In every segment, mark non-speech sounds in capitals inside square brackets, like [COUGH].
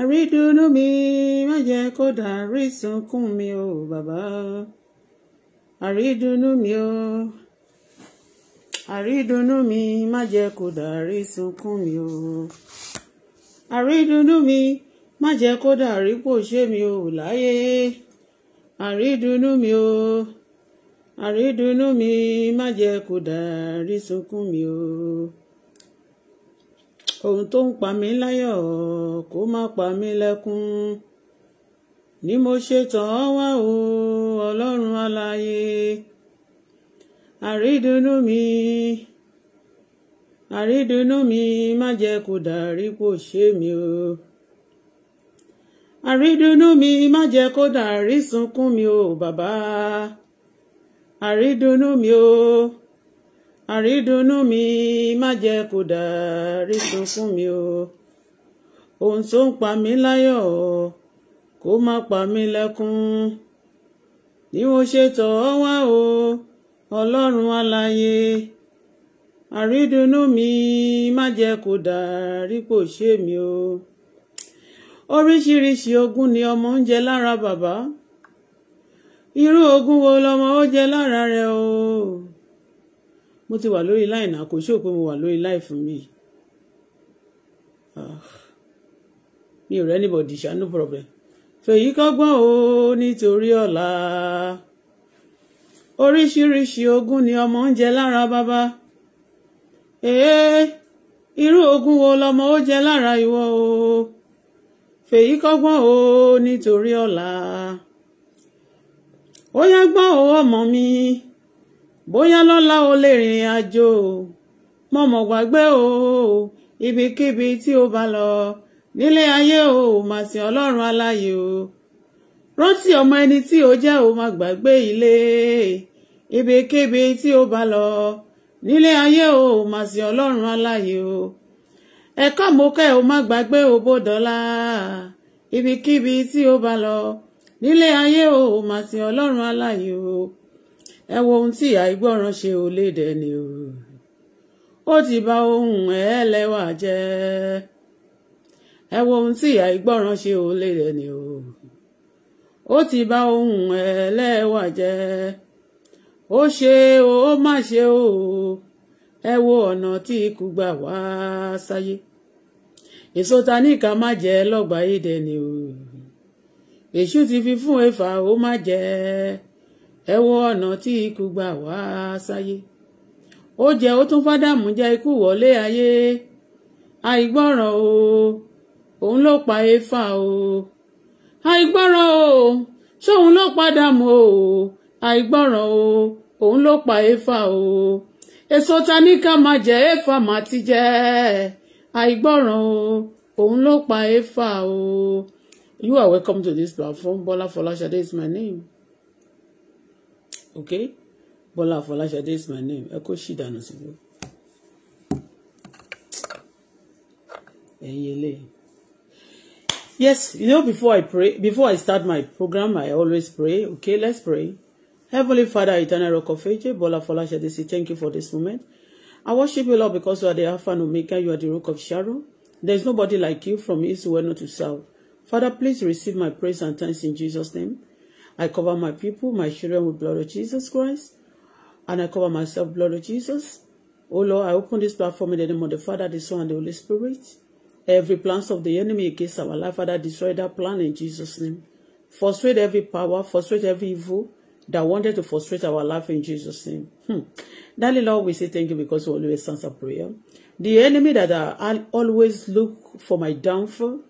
àrídùnnú mi má jẹ́ kó dàrí sunkún mi o bàbá àrídùnnú mi o àrídùnnú mi má jẹ́ kó dàrí sunkún mi o àrídùnnú mi má jẹ́ kó dàrí pòṣé mi o láyé àrídùnnú mi o àrídùnnú mi má jẹ́ kó dàrí sunkún mi o ohun tó ń pa mí láyọ̀ kó má pa mí lẹ́kún ni mo ṣe tàn ọ́ wá o ọlọ́run aláyé àrídùnnú mi àrídùnnú mi má jẹ́ kó dàrí kò ṣe mí o àrídùnnú mi má jẹ́ kó dàrí sunkún mi o bàbá àrídùnnú mi o àrídùnnú mi má jẹ́ kó dàrí sunkún mi o ohun tó ń pa mí láyọ̀ kó má pa mí lẹ́kún ni mo ṣe tọ̀ ọ́ wá o ọlọ́run aláyé àrídùnnú mi má jẹ́ kó dàrí kò ṣe mi o oríṣiríṣi ogún ni ọmọ ń jẹ lára bàbá irú ogún wo lọmọ ó jẹ lára rẹ o mo ti wà lórí láì náà kò ṣó mo wà lórí láì fún mi ah, mi ò rẹ́ anybody ṣá no problem fèyí kọ́gbọ́n o nítorí ọ̀la oríṣiríṣi ogún ni ọmọ ń jẹ lára bàbá ee irú ogún wo lọmọ ó jẹ lára ìwọ o fèyí kọ́gbọ́n o nítorí ọ̀la ó yá gbọ́n o ọmọ mi bóyá lọ́la o lè rìnrìn àjò mọ̀mọ̀ gbàgbé o ibikíbi tí o bá lọ nílé ayé o mà sìn ọlọ́run aláyè o rántí ọmọ ẹni tí o jẹ́ o má gbàgbé ilé ibikíbi tí o bá lọ nílé ayé o mà sìn ọlọ́run aláyè o ẹ̀kọ́ mo kẹ́ o má gbàgbé o bó dọ́là ibikíbi tí o bá lọ nílé ayé o mà sìn ọlọ́run aláyè o ẹ wo ohun tí àìgbọràn ṣe ò lè dẹni o ó ti bà ohun ẹlẹ́wà jẹ́ ẹ wo ohun tí àìgbọràn ṣe ò lè dẹni o ó ti bà ohun ẹlẹ́wà jẹ́ ó ṣe o ó má ṣe o ẹ wo ọ̀nà tí ikú gbà wá sáyé èso ta ní ká má jẹ lọ́gbàá yìí dẹni o èṣù ti fi fún efa ó má jẹ́ ẹ́ ẹ wo ọ̀nà tí ikú gbà wá sáyé ó jẹ́ ó tún fádàmù jẹ́ ikú wọlé ayé àìgbọ́ràn o òun ló pa Éfà o àìgbọ́ràn o ṣóun ló padà mọ́ o àìgbọ́ràn o òun ló pa Éfà o èso ta ní ká máa jẹ Éfà máa ti jẹ àìgbọ́ràn o òun ló pa Éfà o you are welcome to this platform Bola Folashade is my name okay Bola Àfọláṣadé is my name ẹ kó ṣì dànù síbí ẹ̀yin eléyìí. Yes, you know, before I pray, before I start my program, I always pray. Okay, let's pray. Heavenly Father, eternal rock of ages, Bola say thank you for this moment. I worship you, Lord, because you are the Alpha and Omega, you are the rock of Sharon. There is nobody like you from east to west, north to south. Father, please receive my praise and thanks in Jesus' name. I cover my people, my children with blood of Jesus Christ, and I cover myself blood of Jesus. Oh Lord, I open this platform in the name of the Father, the Son, and the Holy Spirit. Every plans of the enemy against our life, Father, destroy that plan in Jesus' name. Frustrate every power, frustrate every evil that wanted to frustrate our life in Jesus' name. Hmm. Darling Lord, we say thank you because you always answer prayer. The enemy that I always look for my downfall,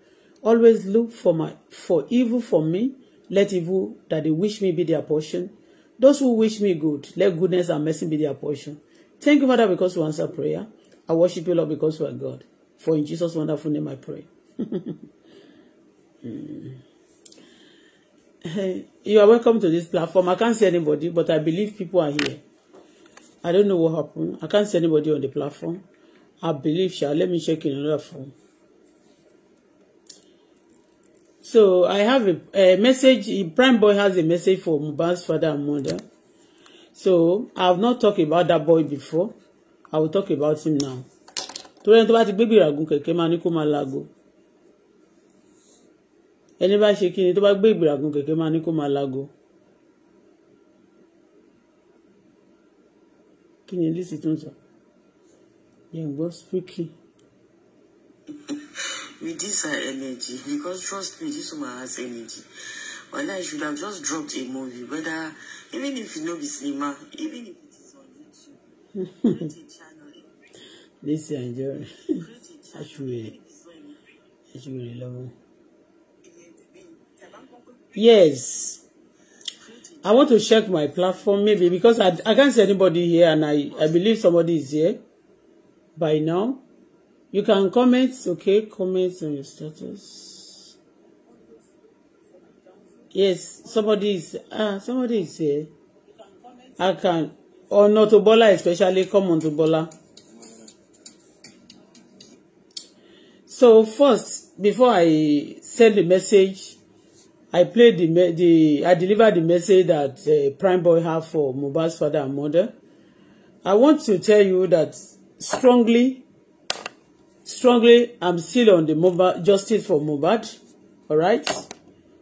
always look for my for evil for me, Let evil that they wish me be their portion. Those who wish me good, let goodness and mercy be their portion. Thank you, Father, because you answer prayer. I worship you, Lord, because you are God. For in Jesus' wonderful name I pray. [LAUGHS] you are welcome to this platform. I can't see anybody, but I believe people are here. I don't know what happened. I can't see anybody on the platform. I believe, shall let me check in another phone. So I have a, a message. Prime Boy has a message for Mohbad's father and mother. So I have not talked about that boy before. I will talk about him now. Torí ẹni tó bá ti gbégbé ìràgùn kẹ̀kẹ́ máa ní kó máa lago. Ẹni bá ṣe kí ni tó bá gbé ìràgùn kẹ̀kẹ́ máa ní kó máa lago. Kí ni Lizzy tún sọ? Yẹn gbọ́ spooky reduce uh, her energy because trust me, this woman has energy. But I should have just dropped a movie, whether even if you know the cinema, even if it is on YouTube, This is enjoy. I should I should really love Yes. I want to check my platform maybe because I, I can't see anybody here and I, I believe somebody is here by now. You can comment, okay, comment on your status. Yes, somebody is ah somebody is here. I can Oh no, to Bola especially come on to Bola. So first, before I send the message, I played the the I delivered the message that uh, Prime Boy have for Mohbad's father and mother. I want to tell you that strongly strongly i'm still on the Mohbad justice for Mohbad right.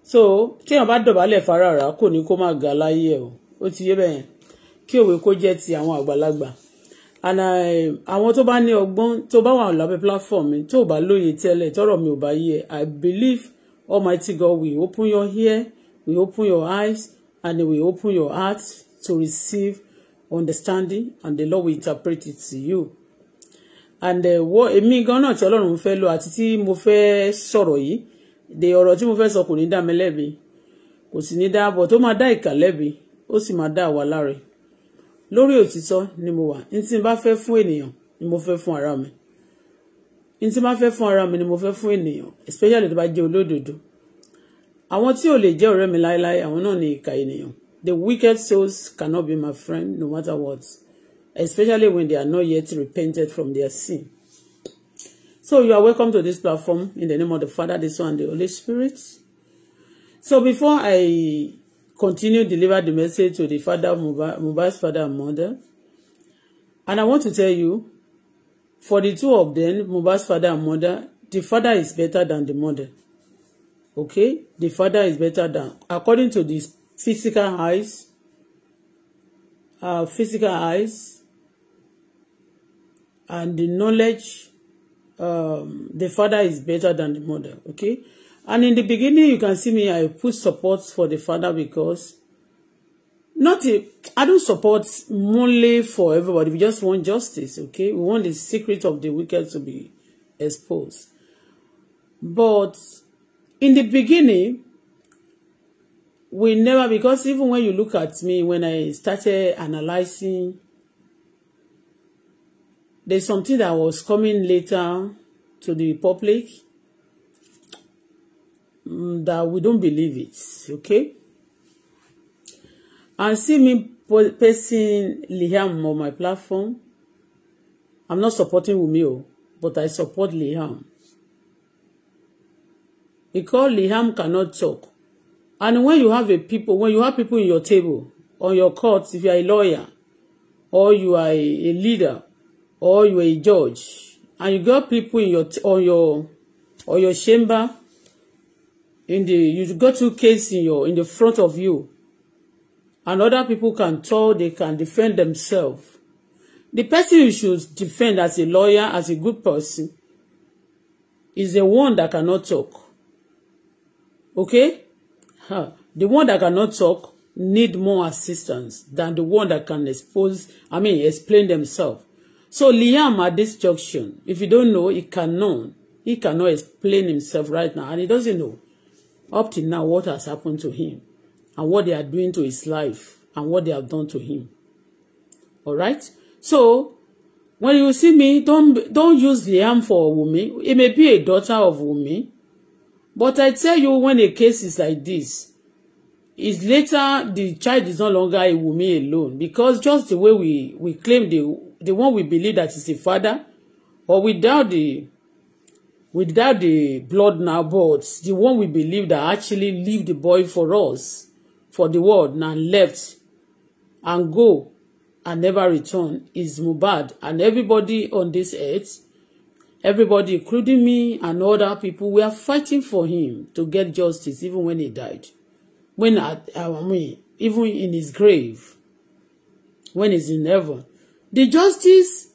so téèyàn bá dọ̀bálẹ̀ farara kò ní kó má ga láyé ẹ̀ o ó ti yé bẹ́ẹ̀ yẹn kí òwe kó jẹ́ ti àwọn àgbàlagbà and àwọn tó bá ní ọgbọ́n tó bá wà lábẹ́ platform mi tó bá lóye tẹ́lẹ̀ tọ́rọ̀ mi ò bá yé i believe almighty god will open your ear will open your eyes and will open your heart to receive understanding and the law will interpret it to you and uh, wo èmi gan náà tí ọlọ́run fẹ́ lò àti tí mo fẹ́ sọ̀rọ̀ yìí de ọ̀rọ̀ tí mo fẹ́ sọ kò ní dá mi lẹ́bi kò sì ní dá bọ̀ tó máa dá ìkà lẹ́bi ó sì máa dá àwa láre lórí òtítọ́ ni mo wà ní tí n bá fẹ́ fún ènìyàn ni mo fẹ́ fún ara mi ní tí n bá ara mi ni mo fẹ́ fún ènìyàn especially tó bá jẹ́ olódodo àwọn tí ò lè jẹ́ ọ̀rẹ́ mi láéláé àwọn náà ni ìkà ènìyàn the wicked souls cannot be my friend no matter what especially when they are not yet repented from their sin. So you are welcome to this platform in the name of the Father, the Son, and the Holy Spirit. So before I continue deliver the message to the father of father and mother, and I want to tell you, for the two of them, Mubarak's father and mother, the father is better than the mother. Okay? The father is better than, according to the physical eyes, uh, physical eyes, and the knowledge um, the father is better than the mother okay and in the beginning you can see me I put support for the father because not a, I don't support only for everybody we just want justice okay we want the secret of the wicked to be exposed but in the beginning we never because even when you look at me when I started analyzing there's something that was coming later to the public mm, that we don't believe it okay and see me person Liam on my platform I'm not supporting Wunmi but I support Liam because Liam cannot talk and when you have a people when you have people in your table on your court if you are a lawyer or you are a leader or you're a judge and you got people in your or your or your chamber in the you got two cases in your in the front of you and other people can talk they can defend themselves the person you should defend as a lawyer as a good person is the one that cannot talk okay huh. the one that cannot talk need more assistance than the one that can expose i mean explain themselves So Liam at this junction, if you don't know, he cannot, he cannot explain himself right now, and he doesn't know up to now what has happened to him, and what they are doing to his life, and what they have done to him. All right. So when you see me, don't don't use Liam for a woman. It may be a daughter of a woman, but I tell you, when a case is like this, is later the child is no longer a woman alone because just the way we we claim the the one we believe that is the father or without the without the blood now but the one we believe that actually leave the boy for us for the world now left and go and never return is Mubad, and everybody on this earth everybody including me and other people we are fighting for him to get justice even when he died when I, I mean even in his grave when he's in heaven the justice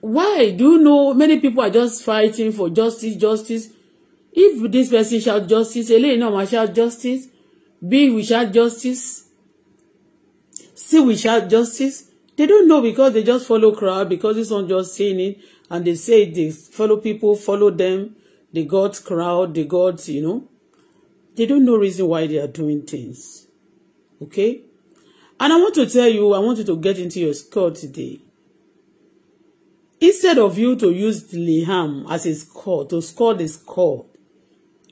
why do you know many people are just fighting for justice justice if this person shout justice eléyìí náà máa shout justice b we shout justice c we shout justice they don't know because they just follow crowd because this one just saying it and they say they follow people follow them The gods crowd The gods, you know they don't know reason why they are doing things okay And I want to tell you, I want you to get into your skull today. Instead of you to use Liham as a score to score the score,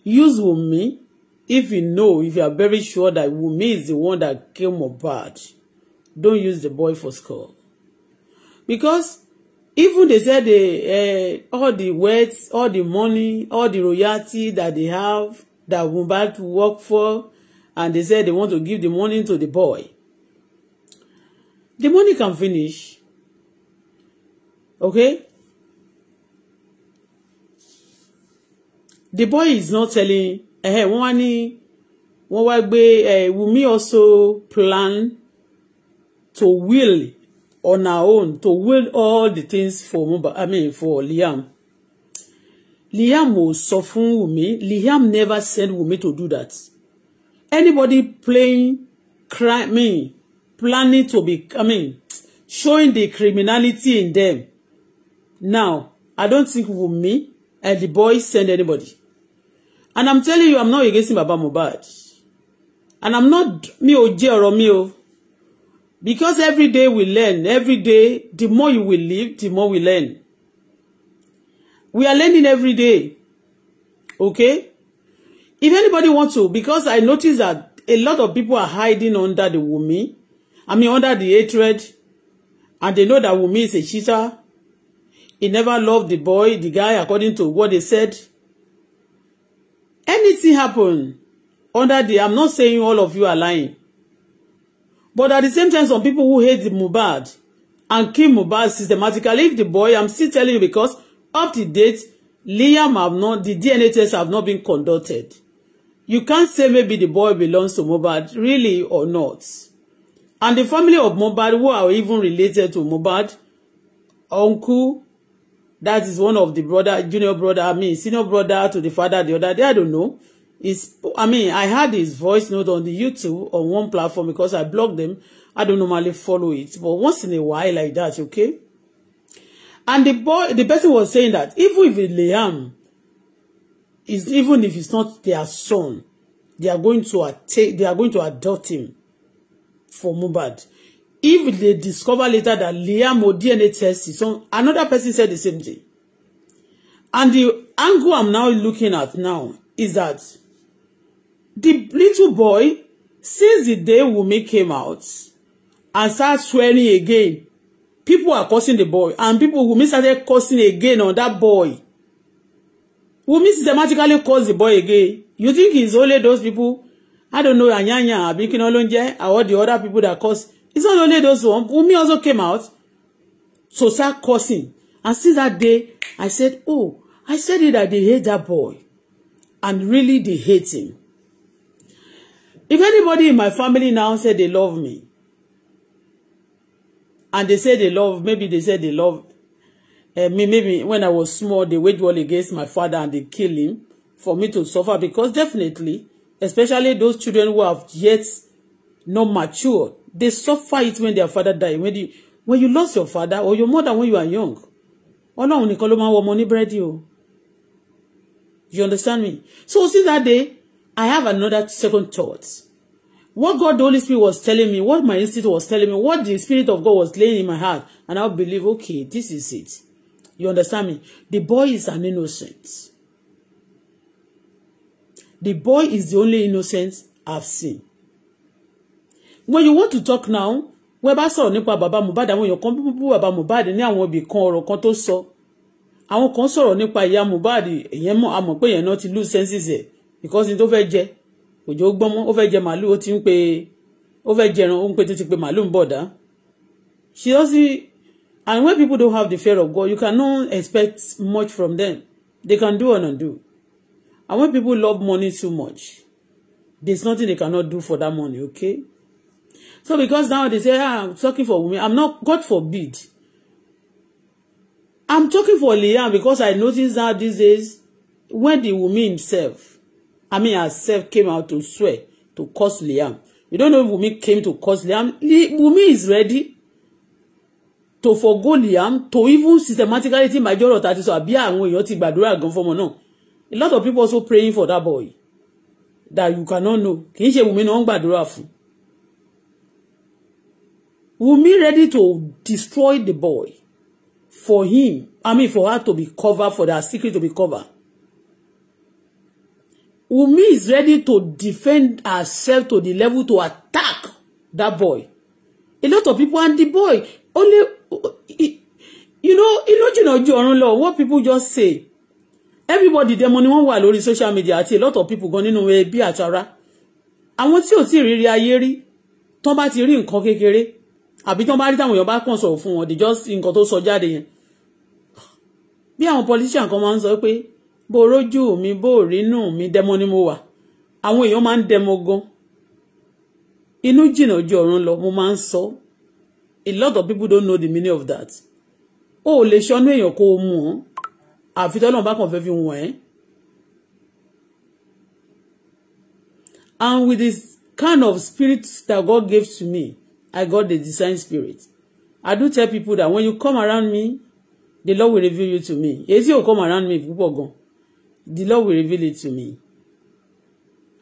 use Wumi if you know, if you are very sure that Wumi is the one that came Mohbad. Don't use the boy for score Because even they said the uh, eh, all the wealth, all the money, all the royalty that they have, that Mohbad work for, and they said they want to give the money to the boy. The money can finish. Okay? The boy is not telling eh wọ́n wá ní wọ́n wá gbé eh Wumi also plan to will on her own to will all the things for Mohbad I mean for Liam. Liam ò sọ fún Wumi. Liam never said Wumi to do that. Anybody playing crime me planning to be, I mean, showing the criminality in them. Now, I don't think Wunmi and the boys send anybody. And I'm telling you, I'm not against Baba Mohbad. And I'm not me or J or mi Because every day we learn, every day, the more you will live, the more we learn. We are learning every day. Okay? If anybody wants to, because I notice that a lot of people are hiding under the Wunmi. I mean, under the hatred, and they know that Wumi is a cheater. He never loved the boy, the guy, according to what they said. Anything happened under the, I'm not saying all of you are lying. But at the same time, some people who hate Mubad and kill Mubad systematically, if the boy, I'm still telling you because up to date, Liam have not, the DNA tests have not been conducted. You can't say maybe the boy belongs to Mubad, really or not. And the family of Mohbad, who are even related to Mohbad, uncle, that is one of the brother, junior brother, I mean, senior brother to the father the other day, I don't know. Is I mean, I had his voice note on the YouTube on one platform because I blocked them. I don't normally follow it, but once in a while like that, okay? And the boy, the person was saying that even if Liam is, even if it's not their son, they are going to take, they are going to adopt him for Mubad, If they discover later that Liam or DNA test is on, another person said the same thing. And the angle I'm now looking at now is that the little boy, since the day Wumi came out and started swearing again, people are cursing the boy. And people, Wumi started cursing again on that boy. Wumi systematically cursed the boy again. You think it's only those people I don't know Anyanya àbí kí ni wọ́n ló ń jẹ́ all the other people that cause it's not only those one Wunmi also came out so start cursing and since that day I said oh I said it that they hate that boy and really they hate him if anybody in my family now said they love me and they say they love maybe they said they love uh, me maybe when I was small they wage war against my father and they kill him for me to suffer because definitely especially those children who have yet not mature, they suffer it when their father die when you when you lost your father or your mother when you are young Ọlọ́run nìkan ló máa ń wọ ọmọ ní búrẹ́dì o you understand me so since that day I have another second thought what God the Holy Spirit was telling me what my instinct was telling me what the Spirit of God was laying in my heart and I believe okay this is it you understand me the boy is an innocent The boy is the only innocent I've seen. When you want to talk now, wọ́n bá sọ̀rọ̀ nípa bàbá Mohbad àwọn èèyàn kan bú bàbá Mohbad ní àwọn ibì kan ọ̀rọ̀ kan tó sọ àwọn kan sọ̀rọ̀ nípa ìyá Mohbad èèyàn mọ̀ àmọ̀ pé èèyàn náà ti lose senses ẹ̀ because ní tó fẹ́ jẹ òjò gbọ́n mọ́ ó fẹ́ jẹ màálù ó ti ń pe ó fẹ́ jẹran ó ń pe tó ti pe màálù ń bọ̀ dá she doesn't and when people don't have the fear of God you cannot expect much from them they can do and undo. And when people love money too much, there's nothing they cannot do for that money, okay? So because now they say, ah, I'm talking for women. I'm not, God forbid. I'm talking for Liam because I noticed that these days, when the woman himself, I mean herself came out to swear to curse Liam. You don't know if Wumi came to curse Liam. Wumi is ready to forgo Liam to even systematically tí màjọ́rọ̀ tàti sọ àbí àwọn èèyàn ti gbàdúrà gan fọmọ náà a lot of people also praying for that boy that you cannot know kì í ṣe Wùmí náà ń gbàdúrà fún Wùmí ready to destroy the boy for him I mean for her to be covered for their secret to be covered Wùmí is ready to defend herself to the level to attack that boy a lot of people and the boy only you know ilójúnà ju ọ̀run lọ what people just say everybody demo ni wọ́n wà lórí social media àti a lot of people gan nínú ẹbí àtara àwọn tí ò tí ì rírí ayé rí tán bá ti rí nǹkan kékeré àbí tán bá rí táwọn èèyàn bá kàn sọ̀rọ̀ fún wọn they just nǹkan tó sọ jáde yẹn bí àwọn politician kan máa ń sọ pé bó rójú mi bó rínú mi dẹmọ ni mo wà àwọn èèyàn máa ń dẹmọ gan inú jìnnà ju ọ̀run lọ mo máa ń so. a lot of people don't know the meaning of that o ò lè ṣọnú èèyàn kó o mú àfi tọ́lọ́run bá kàn fẹ́ fi wọ̀n ẹ́. and with this kind of spirit that God gave to me I got the design spirit I do tell people that when you come around me the Lord will reveal you to me èyí tí come around me púpọ̀ gan the Lord will reveal it to me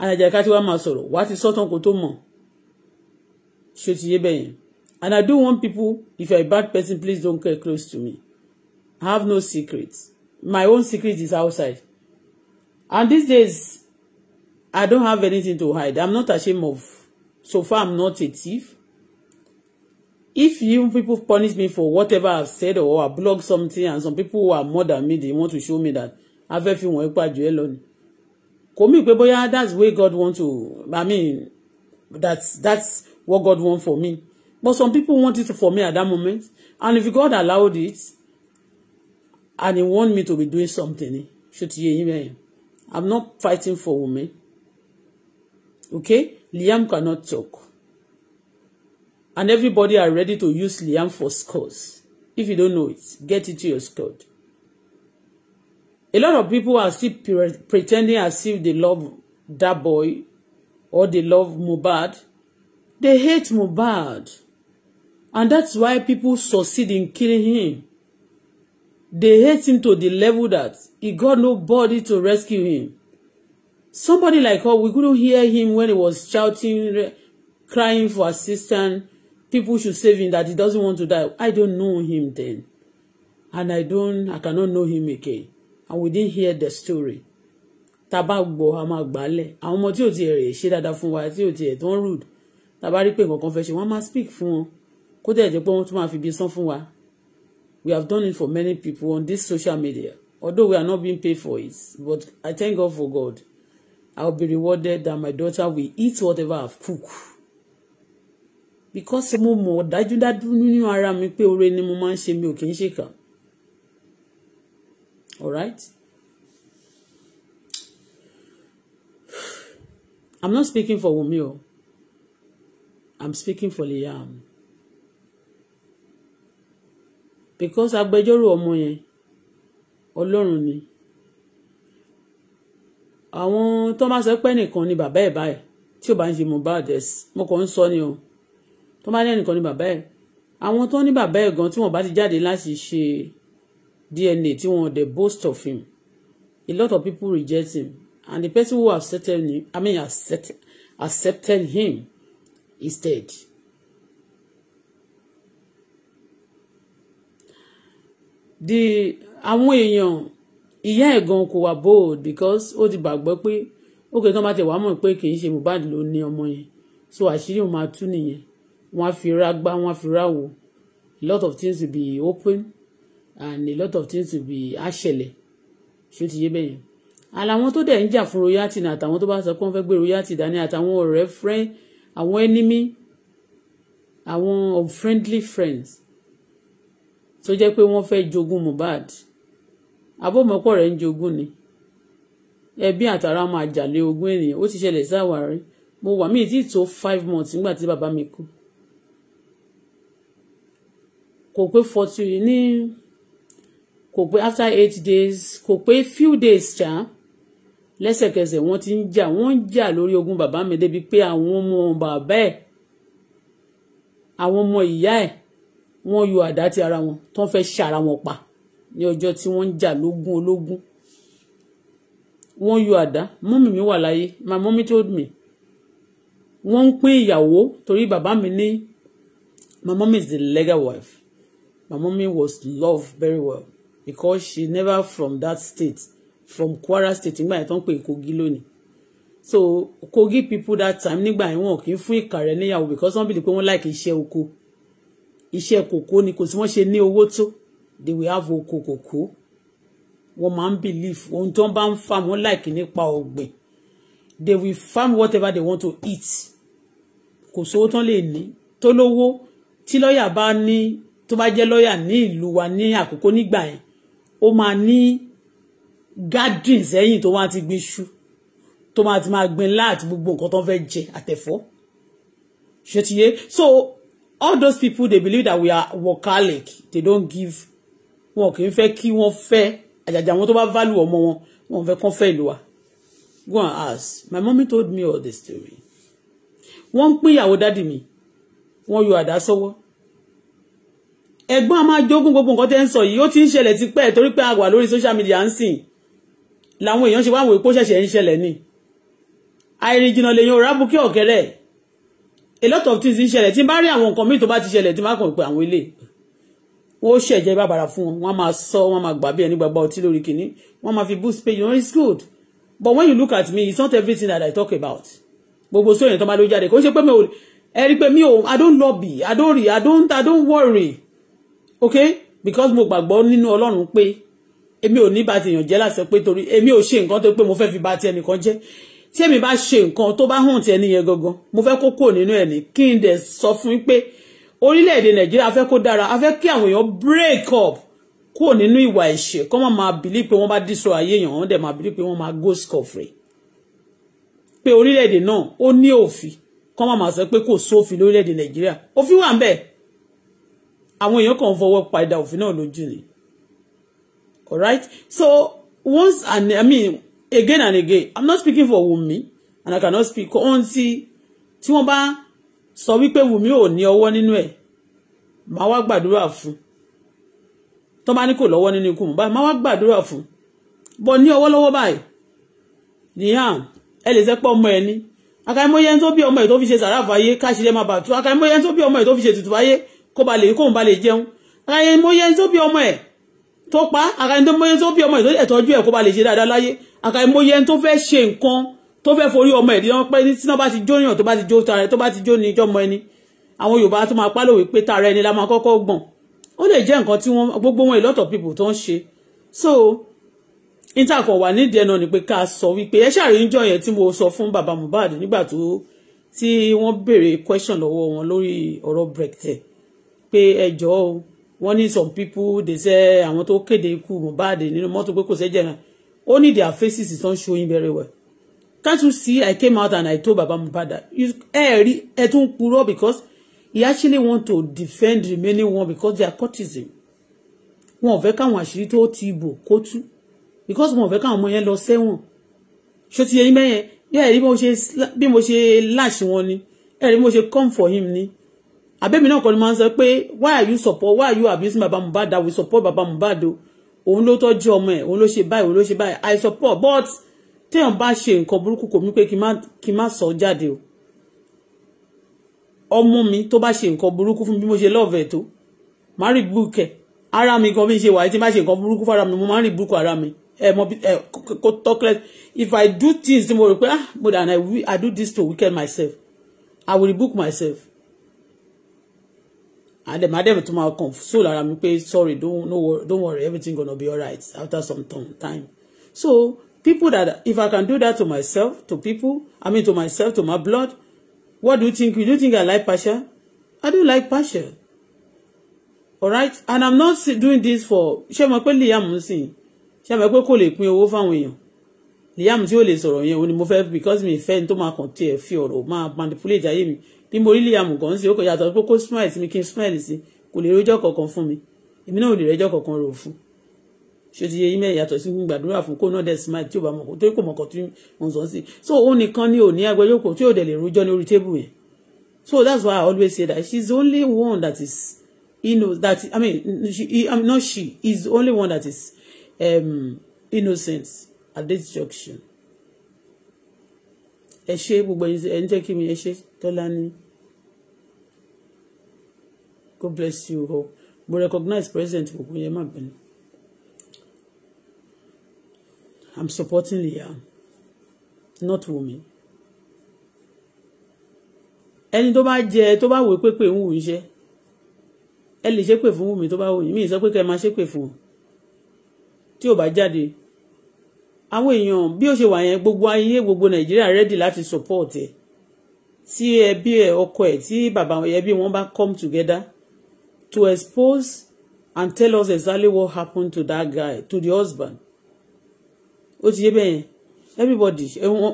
alájà ká tí wàá máa sọ̀rọ̀ wàá ti sọ́tàn kó tó mọ̀ ṣé ti yé bẹ́yẹn and I do want people if you are a bad person please don't get close to me I have no secrets my own secret is outside and these days I don't have anything to hide I'm not ashamed of so far I'm not a thief if you people punish me for whatever I've said or I blog something and some people who are more than me they want to show me that I've ever wọ́n ipa jù ẹ lọ ni kò that's way God want to I mean that's that's what God want for me but some people want it for me at that moment and if God allowed it and he want me to be doing something eh? ṣó ti yé yín bẹ́ẹ̀ i'm not fighting for women okay Liam cannot talk and everybody are ready to use Liam for scores if you don't know it get it to your squad a lot of people are still pre pretending as if they love that boy or they love Mohbad they hate Mohbad and that's why people succeed in killing him They hate him to the level that he got nobody to rescue him. Somebody like her, we couldn't hear him when he was shouting, crying for assistance. People should save him that he doesn't want to die. I don't know him then. And I don't, I cannot know him again. And we didn't hear the story. Tàbá gbọ́ a máa gbálẹ̀. Àwọn ọmọ tí ò tiẹ̀ rè wa tí ò tiẹ̀ tó ń rude. Tàbá rí pé nǹkan kan fẹ́ ṣe, wọ́n máa speak fún wọn. Kó dẹ̀ jẹ́ pé wọ́n tún máa fi ibi sán fún wa. We have done it for many people on this social media. Although we are not being paid for it, but I thank God for God. I'll be rewarded that my daughter will eat whatever I've cooked. Because mo mọ̀ dájúdájú nínú ara mi pé oore ni mo máa ń ṣe mi ò kì í ṣèkà. All right? [SIGHS] I'm not speaking for Wunmi o. I'm speaking for Liam. because agbẹjọ́rò ọmọ yẹn ọlọ́run ni àwọn tó máa sọ pé nìkan ni bàbá ẹ̀ báyìí tí ò bá ń ṣe Mohbad mo kàn ń sọ ni o tó máa ní ẹnìkan ni bàbá ẹ̀ àwọn tó ní bàbá ẹ̀ gan tí wọ́n bá ti jáde láti ṣe DNA tí wọ́n dey boast of him a lot of people reject him and the person who accepted him I mean accept, accepted him is dead. the àwọn èèyàn ìyá ẹ̀ gan kò wà bold because ó ti gbàgbọ́ pé ó kẹ́ tán bá tẹ̀ wá mọ̀ pé kì í ṣe Mohbad ló ní ọmọ yẹn so àṣírí òun máa tú nìyẹn wọ́n á fi ra gbá wọ́n á fi ra wò a lot of things will be open and a lot of things will be àṣẹlẹ̀ ṣé ó ti yé bẹ́yẹn àlàwọn tó dẹ̀ ń jà fún royalty náà àtàwọn tó bá sọ pé wọ́n fẹ́ gbé royalty dání àtàwọn ọ̀rẹ́ friend àwọn enemy àwọn unfriendly friends tó jẹ́ pé wọ́n fẹ́ jogún Mohbad abómọ́pọ̀ rẹ̀ ń jogún ni ẹbí àtàrà máa jàlé ogún ènìyàn ó ti ṣẹlẹ̀ sáwàárí mo wà mí tí tó five months nígbà tí bàbá mi kú kò pé forty ní kò pé after eight days kò pé few days ṣá lẹ́sẹ̀kẹsẹ̀ wọ́n ti ń jà wọ́n ń jà lórí ogún bàbá mi débi pé àwọn ọmọ bàbá ẹ̀ àwọn ọmọ ìyá ẹ̀ wọ́n yọ àdá ti ara wọn tó ń fẹ́ ṣe ara wọn pa ní ọjọ́ tí wọ́n ń jà lógún ológun wọ́n yọ àdá mọ́mì mi wà láyé my mommy told me wọ́n ń pín ìyàwó torí bàbá mi ní my mommy is the legal wife my mommy was loved very well because she never from that state from Kwara state nígbà yẹn tó ń pè Kogi lónìí so Kogi people that time nígbà yẹn wọn kì í fún ìkà níyàwó because wọn bìlì pé wọn láìkì iṣẹ́ oko iṣẹ́ kòkó ni kò sí wọ́n ṣe ní owó tó they will have oko kòkó wọ́n máa ń believe ohun tó ń bá ń farm wọ́n like nípa ọ̀gbìn they will farm whatever they want to eat kò sówó tán lè ní tó lówó tí lọ́ọ̀yà bá ní tó bá jẹ́ lọ́ọ̀yà ní ìlú wa ní àkókò nígbà yẹn ó máa ní garden sẹ́yìn tó máa ti gbin iṣu tó máa ti máa gbin láti gbogbo nǹkan tó ń fẹ́ jẹ àtẹ̀fọ́ ṣe ti yé so all those people they believe that we are workaholic they don't give wọn kì í fẹ́ kí wọ́n fẹ́ àjàjà wọn tó bá value ọmọ wọn wọn fẹ́ kán fẹ́ ìlú wa go and ask my mommy told me all the story wọ́n ń pín ìyàwó dádì mi wọ́n yọ àdá sọ́wọ́ ẹ̀gbọ́n a máa jogún gbogbo nǹkan nso ń sọ yìí ó ti pe ṣẹlẹ̀ tipẹ́ torí pé a wà lórí social media ń sìn làwọn èèyàn ṣe wá wòye kó ṣẹ̀ṣẹ̀ ń ṣẹlẹ̀ ni àìrìnjìnà lèyàn ò rábùkẹ́ ọ̀kẹ́rẹ́ a lot of things in ṣẹlẹ̀ tí n bá rí àwọn nǹkan míì tó bá ti ṣẹlẹ̀ tí n bá kàn pé àwọn ilé wọn ó ṣẹ̀jẹ̀ bàbàrà fún wọn wọn máa sọ wọn máa gbà bí ẹni gbàgbà ọtí lórí kìíní wọn máa fi boost page you know it's good but when you look at me it's not everything that I talk about gbogbo sóyè tó máa ló jáde kò ṣe pé mi ò ẹ rí i pé mi ò I don't lobby I don't I don't I don't worry okay because mo gbàgbọ́ nínú Ọlọ́run pé èmi ò ní bá ti yàn jẹ́ láti sọ pé torí èmi ò ṣe nǹkan tó pé mo fẹ́ fi bá ti ẹnìkan jẹ́ tèmi bá ṣe nǹkan tó bá hàn ti ẹni yẹn gangan mo fẹ́ kó kúrò nínú ẹ̀ ní kí n dẹ̀ sọ fún yín pé orílẹ̀-èdè nàìjíríà a kó dára a fẹ́ kí àwọn èèyàn break up kúrò nínú ìwà ẹ̀ṣẹ̀ kọ́ máa máa bìlí pé wọ́n bá dísọ ayé èèyàn wọ́n dẹ̀ máa bìlí pé wọ́n máa go scot-free pé orílẹ̀-èdè náà ó ní òfin kọ́ máa máa sọ pé kò sófin lórílẹ̀-èdè nàìjíríà òfin wà ń bẹ̀ àwọn èèyàn kàn fọwọ́ padà òfin náà lójú ni all so once and i mean again and again i'm not speaking for Wumi, and i cannot speak ohun tí tí wọ́n bá sọ wípé Wunmi ò ní ọwọ́ nínú ẹ̀ màá wá gbàdúrà fún tó bá ní kò lọ́wọ́ nínú ikú Mohbad màá wá gbàdúrà fún bọ́ ní ọwọ́ lọ́wọ́ báyìí nìyàn ẹ lè sẹ́pọ̀ ọmọ ẹ ní àkàìmọye tó bí ọmọ ẹ tó fi ṣe sàráàfù ayé káṣílẹ̀ má moye àkàìmọye tó bí ọmọ ẹ tó fi ṣe tutù ayé kó ba lè kóun ba lè jẹun àkàìmọye tó bí ọmọ ẹ tó pa àkàìmọye tó bí ọmọ ẹ tó ẹ̀tọ́jú ẹ kó ba lè ṣe dáadáa láyé àkàìmọye ẹni tó fẹ́ ṣe nǹkan tó fẹ́ forí ọmọ ẹ̀dí wọn pẹ́ ní tí wọ́n bá ti jóyàn tó bá ti jó tara tó bá ti jó ní ìjọmọ ẹni àwọn Yorùbá tó máa pálòwé pé tara ẹni la máa kọ́kọ́ gbọ̀n ó lè jẹ́ nǹkan tí wọ́n gbogbo wọn a lot of people tó ń ṣe so intercom wà nídìí ẹnu ni pé ká sọ wípé ẹ ṣàrí ń jọ yẹn tí mo sọ fún bàbá Mohbad nígbà tó tí wọ́n béèrè question lọ́wọ́ wọn lórí ọ̀rọ̀ brexit pé ẹjọ́ o wọ́n ní some people dey say àwọn tó kéde ikú Mohbad nínú mọ́tò pé kò sẹ́jẹ̀ náà Only their faces is not showing very well. Can't you see? I came out and I told Baba Mohbad that you ẹ ẹ tún because he actually want to defend the remaining one because they are courtesan. Wọn ò fẹ́ káwọn àṣírí tó ti bò kó tú because wọn ò fẹ́ káwọn ọmọ yẹn lọ sẹ́wọ̀n. Ṣé ti yẹ yín bẹ́yẹn? Bẹ́ẹ̀ rí bí mo ṣe lash wọn ni. Ẹ rí mo ṣe come for him ni. Àbẹ́mi náà kọ́ ni man. ń sọ why are you support why are you abusing Baba Mohbad that we support Baba Mohbad òun ló tọ́jú ọmọ ẹ̀ òun ló ṣe báyìí òun ló ṣe báyìí I support but téèyàn bá ṣe nǹkan burúkú kò mí pé kí n má sọ jáde o ọmọ mi tó bá ṣe nǹkan burúkú fún bí mo ṣe love ẹ̀ tó máa rí búkẹ̀ ara mi gan bí n ṣe wà tí n bá ṣe nǹkan burúkú fara mi mo máa rí búkú ara mi ẹ mọ ẹ kò tọ́kẹ́lẹ́ if I do things tí mo rò pé ah mo dàn I do this to weaken myself I will rebuke myself àdèmí àdèmí tó máa kàn so lára mi pé sorry don't no don't worry everything gonna be alright after some time so people that if I can do that to myself to people I mean to myself to my blood what do you think you do think I like partial I do like All right, and I'm not doing this for ṣé mo pé Liam ń sìn mo pé kò lè pín owó fáwọn èèyàn Liam tí ó lè sọ̀rọ̀ yẹn òun ni mo fẹ́ because mi ìfẹ́ ni tó máa kàn tiẹ̀ fi ọ̀rọ̀ máa manipulate ayé mi bí mo rí Liam gan sí ó kò yàtọ̀ pé kó smile sí mi kí n smile sí kò lè rojọ́ kankan fún mi èmi náà ò lè rẹjọ́ kankan rò fún ṣé ti yẹ email yàtọ̀ sí gbàdúrà fún kó náà dẹ̀ smile tí ò bá mọ̀ tó kò mọ̀ kàn tí mo sọ sí so òun nìkan ni ò ní agbẹjọ́kọ̀ tí ò dẹ̀ lè rojọ́ ní orí tébù yẹn so that's why I always say that she's only one that is you know that I mean she I mean, not she is only one that is um, innocent at this junction ẹ ṣe gbogbo ẹni tẹ́ kí mi ẹ ṣe tọ́lá ní God bless you all mo recognize president gbogbo yẹn má bẹ̀rẹ̀ I'm supporting Liam not women. ẹni tó bá jẹ tó bá wò pé pé ń wù ń ṣe ẹ lè ṣépè fún Wunmi tó bá wù yín mi sọ pé kẹ́ ẹ máa ṣépè fún ọ tí ò bá jáde àwọn èèyàn bí ó ṣe wà yẹn gbogbo ayé gbogbo nàìjíríà rẹ́dì láti support ẹ̀ tí ẹbí ẹ̀ ọkọ ẹ̀ tí bàbá ẹbí wọn bá come together to expose and tell us exactly what happened to that guy to the husband ó ti yé bẹ́ẹ̀ yẹn everybody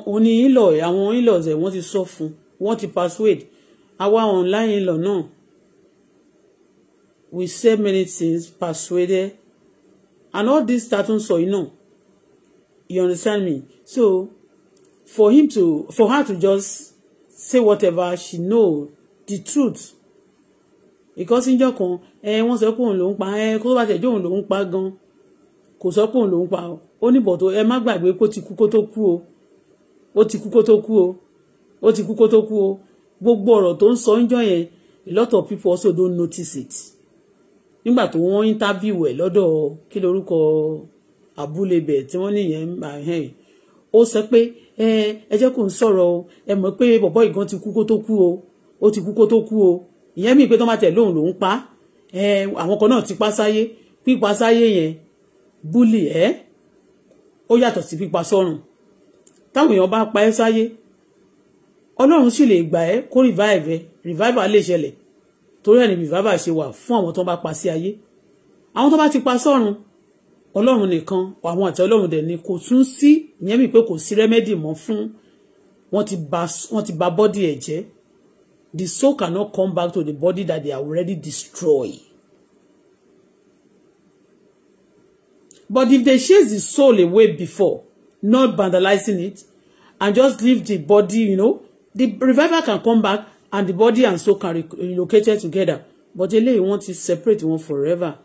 òun ni ìlọ ẹ̀ àwọn ìlọ ẹ̀ wọ́n ti sọ fún wọ́n ti persuade àwa online ìlọ náà we say many things persuaded and all this starting so you know you understand me so for him to for her to just say whatever she know the truth because níjọ́ kan ẹ wọ́n sọ pé òun ló ń pa ẹ eh, kó tó bá tẹ̀ jẹ́ òun ló ń pa gan kò sọ pé òun ló ń pa o ó ní bọ̀tò ẹ má gbàgbé kó ti kú kó tó kú o ó ti kú kó tó kú o ó ti kú kó tó kú o gbogbo ọ̀rọ̀ tó ń sọ níjọ́ a lot of people also don't notice it nígbà to wọ́n interview ẹ̀ lọ́dọ̀ kí lorúkọ abúlé bẹ̀ tí wọ́n nìyẹn ó sọ pé ẹ jẹ́ kó ń sọ̀rọ̀ o ẹ mọ̀ pé bọ̀bọ́ ìgan ti kú kó tó kú o ó ti kú kó tó kú o ìyẹn mi pé tó máa tẹ̀ lóhùn lòún pa àwọn kan náà ti pa sáyé pípa sáyé yẹn búlì ẹ́ ó yàtọ̀ sí pípa sọ́run táwọn èèyàn bá pa ẹ́ sáyé ọlọ́run sì lè gbà ẹ́ kó revive ẹ revive lè ṣẹlẹ̀ torí ẹ̀ ni revive ṣe wà fún àwọn tó bá pa sí ayé àwọn tó bá ti pa sọ́run ọlọ́run nìkan àwọn àti ọlọ́run dẹ̀ ni kò tún sí ìyẹn mi pé kò sí rẹ́mẹ́dì mọ́ fún wọ́n ti bà bọ́dì ẹ̀ jẹ́ the soul cannot come back to the body that they already destroy. But if they chase the soul away before, not vandalizing it, and just leave the body, you know, the revival can come back and the body and soul can re relocate together. But eléyìí wọ́n ti separate wọn forever.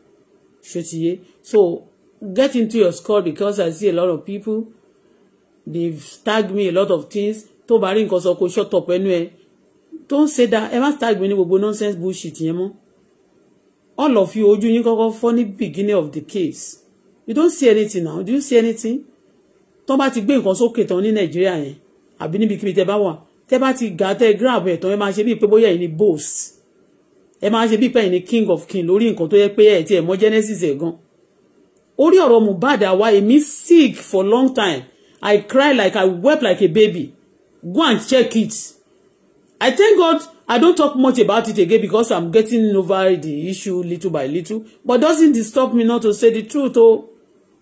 Ṣé ti yé? So get into your score because I see a lot of people they've tag me a lot of things tó bá rí nǹkan sọ kó shut up ẹnu ẹ don't say that ẹ má tag me ní gbogbo nonsense bullshit yẹn mọ́ all of you ojú yín kọ́kọ́ fọ́ ní beginning of the case you don't see anything now do you see anything tó bá ti gbé nǹkan sókè tán ní Nàìjíríà yẹn àbí níbikíbi tẹ bá wà tẹ bá ti gà tẹ grab ẹ̀ tán ẹ máa ṣe bíi pé bóyá ẹ̀yin ni boss ẹ máa ṣe bíi pé ẹ̀yin ni king of king lórí nǹkan tó yẹ pé ẹ̀ tiẹ̀ mọ̀ genesis ẹ̀ gan orí ọ̀rọ̀ Mohbad àwa èmi sick for long time I cry like I wept like a baby go and check it I thank God I don't talk much about it again because I'm getting over the issue little by little but doesn't disturb me not to say the truth oh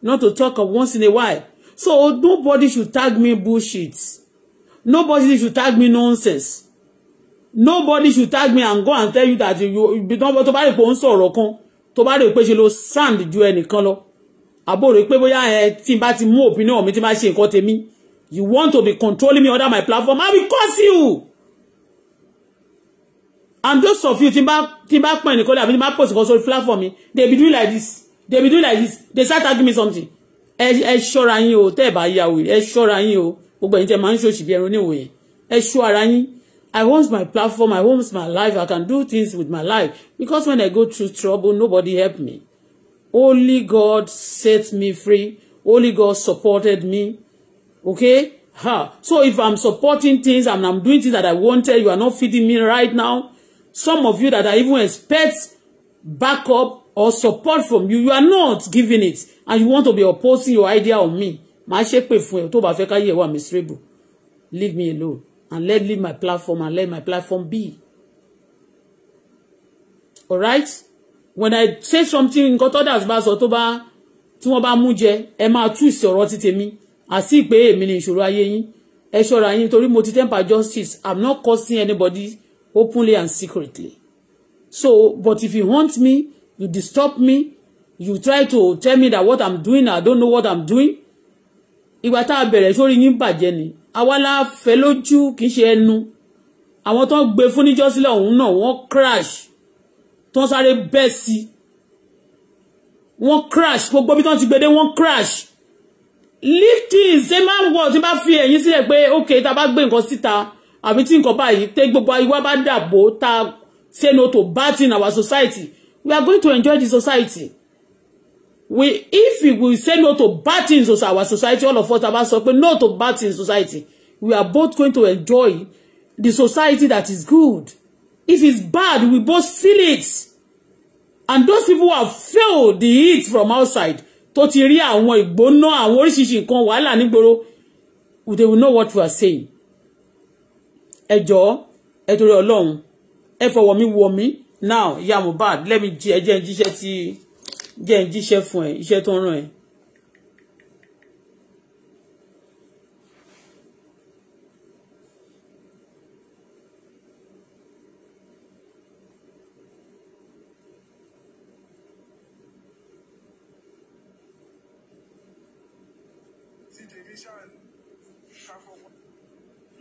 not to talk of once in a while so oh, nobody should tag me bullshit nobody should tag me nonsense nobody should tag me and go and tell you that you ibi tó bá rè pé ó kan tó bá rè lo sand ju ẹnìkan lọ àbòrò pé bóyá ẹ eh, tí n bá ti mú opinion mi tí n bá ṣe nǹkan you want to be controlling me under my platform I will curse you and those of you tí n bá tí n bá pọ̀ ẹnìkan lè post nǹkan sórí platform mi they be doing like this they be doing like this they start tagging me something ẹ ẹ ṣọ́ra yín o tẹ́ ẹ bá yà wèrè ẹ ṣọ́ra yín o gbogbo ẹ̀yin tẹ́ máa ń ṣòṣì bí ẹran níwòye ẹ ṣọ́ ara yín I want my platform I want my life I can do things with my life because when I go through trouble nobody help me Only God set me free. Only God supported me. Okay? ha. So if I'm supporting things and I'm doing things that I wanted, you are not feeding me right now. Some of you that I even expect backup or support from you, you are not giving it. And you want to be opposing your idea on me. Màá ṣépè fún ẹ tó bá fẹ́ ká yẹ̀ wá miserable. Leave me alone and let leave my platform and let my platform be. All right? when i say something nǹkan tó dàsí bá sọ tó bá tí wọ́n bá mú jẹ ẹ máa tú ìsì ọ̀rọ̀ ti tèmi àti pé èmi ni ìṣòro ayé yín ẹ ṣọ́ra yín torí mo ti temper justice i'm not cursing anybody openly and secretly so but if you haunt me you disturb me you try to tell me that what i'm doing i don't know what i'm doing ìgbà tá a bẹ̀rẹ̀ sórí yín bàjẹ́ ni àwa la fẹ́ lójú kì í ṣe ẹnu àwọn tó ń gbé fún níjọ́sílẹ̀ ọ̀hún náà wọ́n crash tó ń sáré bẹ́ẹ̀ sí wọ́n crash gbogbo bí tó ń ti gbede wọ́n crash lifting ṣe máa ń wọ̀ tí bá fi ẹ̀yìn sílẹ̀ pé ok tá a bá gbé nǹkan síta àbí tí nǹkan báyìí tẹ́ gbogbo ìwà bá dàbò ta say no to bad in our society we are going to enjoy the society we if we say no to bad things in our society all of us about a bá no to bad things in society we are both going to enjoy the society that is good If it's bad, we both feel it. And those people who have failed the heat from outside, tó ti rí àwọn ìgbóná, àwọn oríṣiríṣi nǹkan wàhálà they will know what we are saying. Ẹ jọ̀ọ́, ẹ torí Ọlọ́run, ẹ fọwọ́ mi wọ̀ mí. Now, ìyá Mohbad, let me jẹ́ ẹ jẹ́ ń jíṣẹ́ tí jẹ́ ń jíṣẹ́ fún ẹ, iṣẹ́ tó ń ràn ẹ́.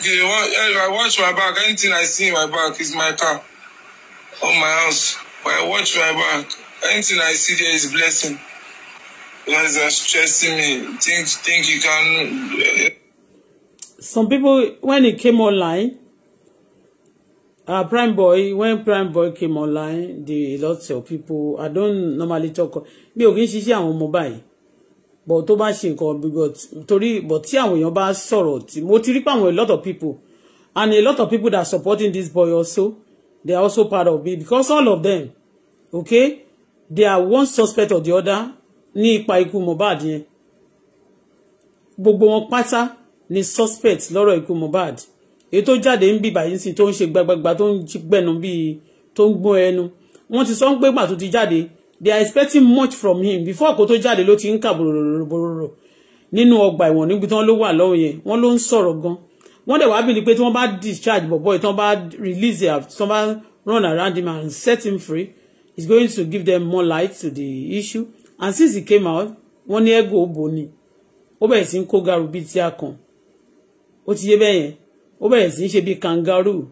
Okay, eh, I watch my back. Anything I see in my back is my car or my house. But I watch my back. Anything I see there is blessing. Because they're stressing me. Think, think you can. Eh, Some people, when it came online, uh, Prime Boy, when Prime Boy came online, the lots of people, I don't normally talk. Me ò kì í ṣiṣẹ́ mobile bọ̀ tó bá ṣe nǹkan gbogbo torí bọ̀ tí àwọn èèyàn bá sọ̀rọ̀ tí mo ti rí pé àwọn a lot of people and a lot of people that supporting this boy also they are also part of it because all of them okay they are one suspect or the other ní ipa ikú Mohbad yẹn gbogbo wọn pátá ni suspect lọ́rọ̀ ikú Mohbad èyí tó jáde ń bì báyìí sí tó ń ṣe gbagbagba tó ń gbẹnu bíi tó ń gbọ́n ẹnu wọ́n ti sọ ń pé gbà ti jáde they are expecting much from him before kó tó jáde ló ti ń kà bòròròròrò nínú ọgbà ìwọ̀n níbi tí wọ́n ló wà lọ́wọ́ yẹn wọ́n ló ń sọ̀rọ̀ gan wọ́n dẹ̀ wá bí ni pé tí wọ́n bá discharge bọ̀bọ̀ tí wọ́n release am tí wọ́n bá run around him and set him free it's going to give them more light to the issue and since he came out wọ́n ní ego òbò ni ó bẹ̀rẹ̀ sí ń garu bíi tí a kàn ó ti yé bẹ́yẹn ó bẹ̀rẹ̀ sí ń ṣe kangaroo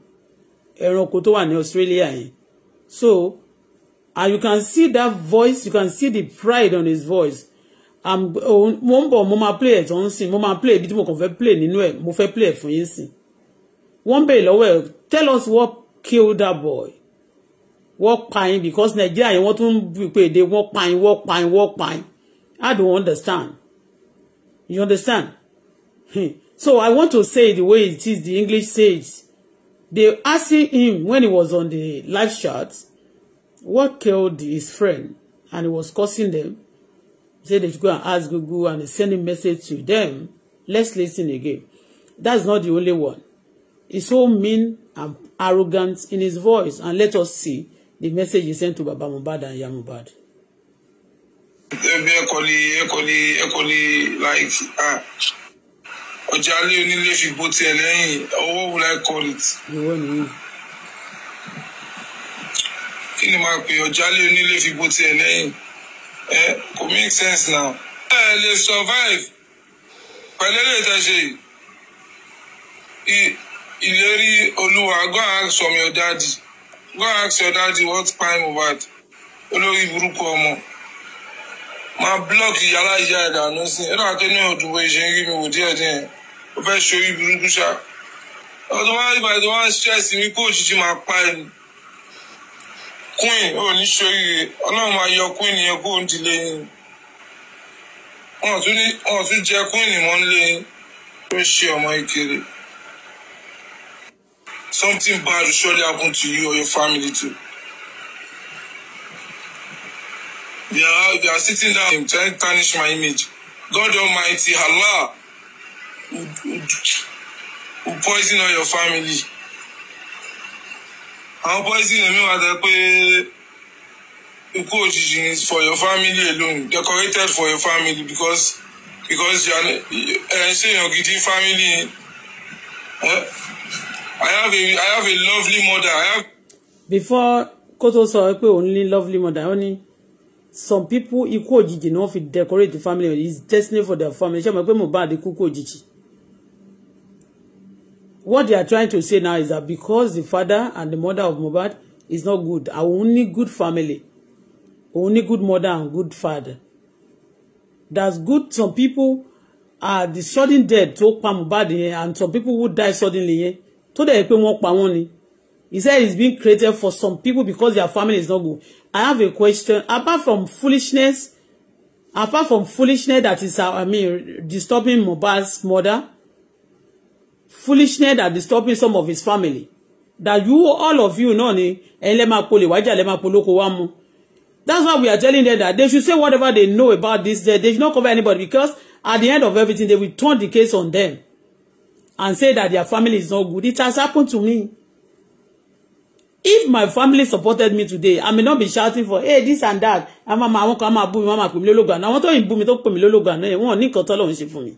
ẹranko tó wà ní Australia yẹn so and you can see that voice you can see the pride on his voice and one oh, ń bọ̀ mo play it on ń sìn mo máa play ibi tí mo kàn play nínú ẹ̀ mo play for fún yín One wọ́n bèèrè lọ́wọ́ tell us what killed that boy What pààyàn because Nigeria yẹn wọ́n tún ń pè dé walk pààyàn walk pààyàn wọ́n pààyàn I don't understand you understand [LAUGHS] so I want to say the way it is the English says they asked him when he was on the live chat what killed his friend and he was cursing them. He said they should go and ask Google and send a message to them. Let's listen again. That's not the only one. He's so mean and arrogant in his voice. And let us see the message he sent to Baba Mubad and Yamubad. Mohbad. Ẹbí ẹ̀kọ́ ni ẹ̀kọ́ ni ẹ̀kọ́ ni like ah, ọjà alẹ́ onílé fi bó tiẹ̀ lẹ́yìn ọwọ́ will I call it? kí ni máa pè ọ̀jálé onílé fi bó tiẹ̀ lẹ́yìn ẹ kò make sense now. ẹ lè survive pẹ̀lú eré ìtẹ̀sẹ̀ ìlérí olúwa go ask from your daddy go ask your daddy what kpai Mohbad olórí burúkú ọmọ máa blọọkì yàrá ìyá ìdáná sí ẹ dàgbà tó ní òdùbọ ìṣe ń rí mi wò díẹ̀ díẹ̀ ó fẹ́ ṣorí burúkú ṣá ọdún wa ìbàdàn wa ń stress mi kó òjijì máa pa ẹni queen ò ọlọ́run máa yọ queen yẹn kó ń dilé yín wọn ò tún jẹ queen mọ́ ń lé yín tó ń ṣe ọmọ ìkéré something bad will surely happen to you or your family too. They are, they are sitting down trying to tarnish my image. God Almighty, Allah, who poison all your family àwọn pọ́ìsì yẹn mi wà tẹ́ pé ikú òjijì is for your family alone decorated for your family because because ẹ ń ṣèyàn gidi family yẹn. I have a I have a lovely mother. I have... Before Koto sọ pé òun ní lovely mother, ó ní some people ikú òjijì ni wọ́n fi decorate the family is destiny for their family. Ṣé o mọ̀ pé Mohbad kú kú òjijì? what they are trying to say now is that because the father and the mother of Mohbad is not good òun only good family only good mother and good father that's good some people are the sudden death tó pa Mohbad yẹn and some people who die suddenly yẹn tó dẹ̀ pé wọ́n he said it's being created for some people because their family is not good I have a question apart from foolishness apart from foolishness that is I mean disturbing Mohbad's mother foolishness that disturbing some of his family that you all of you know, ni ẹ̀yin lẹ́ máa polè wájà lẹ́ máa polóko wá mu that's why we are telling them that they should say whatever they know about this they, should not cover anybody because at the end of everything they will turn the case on them and say that their family is not good it has happened to me if my family supported me today i may not be shouting for hey this and that àwọn kan máa bú mi wọn máa pè mí lólógbà náà àwọn tó yìn bú mi tó pè mí lólógbà náà wọn ò ní nǹkan tọ́lọ́run ṣe fún mi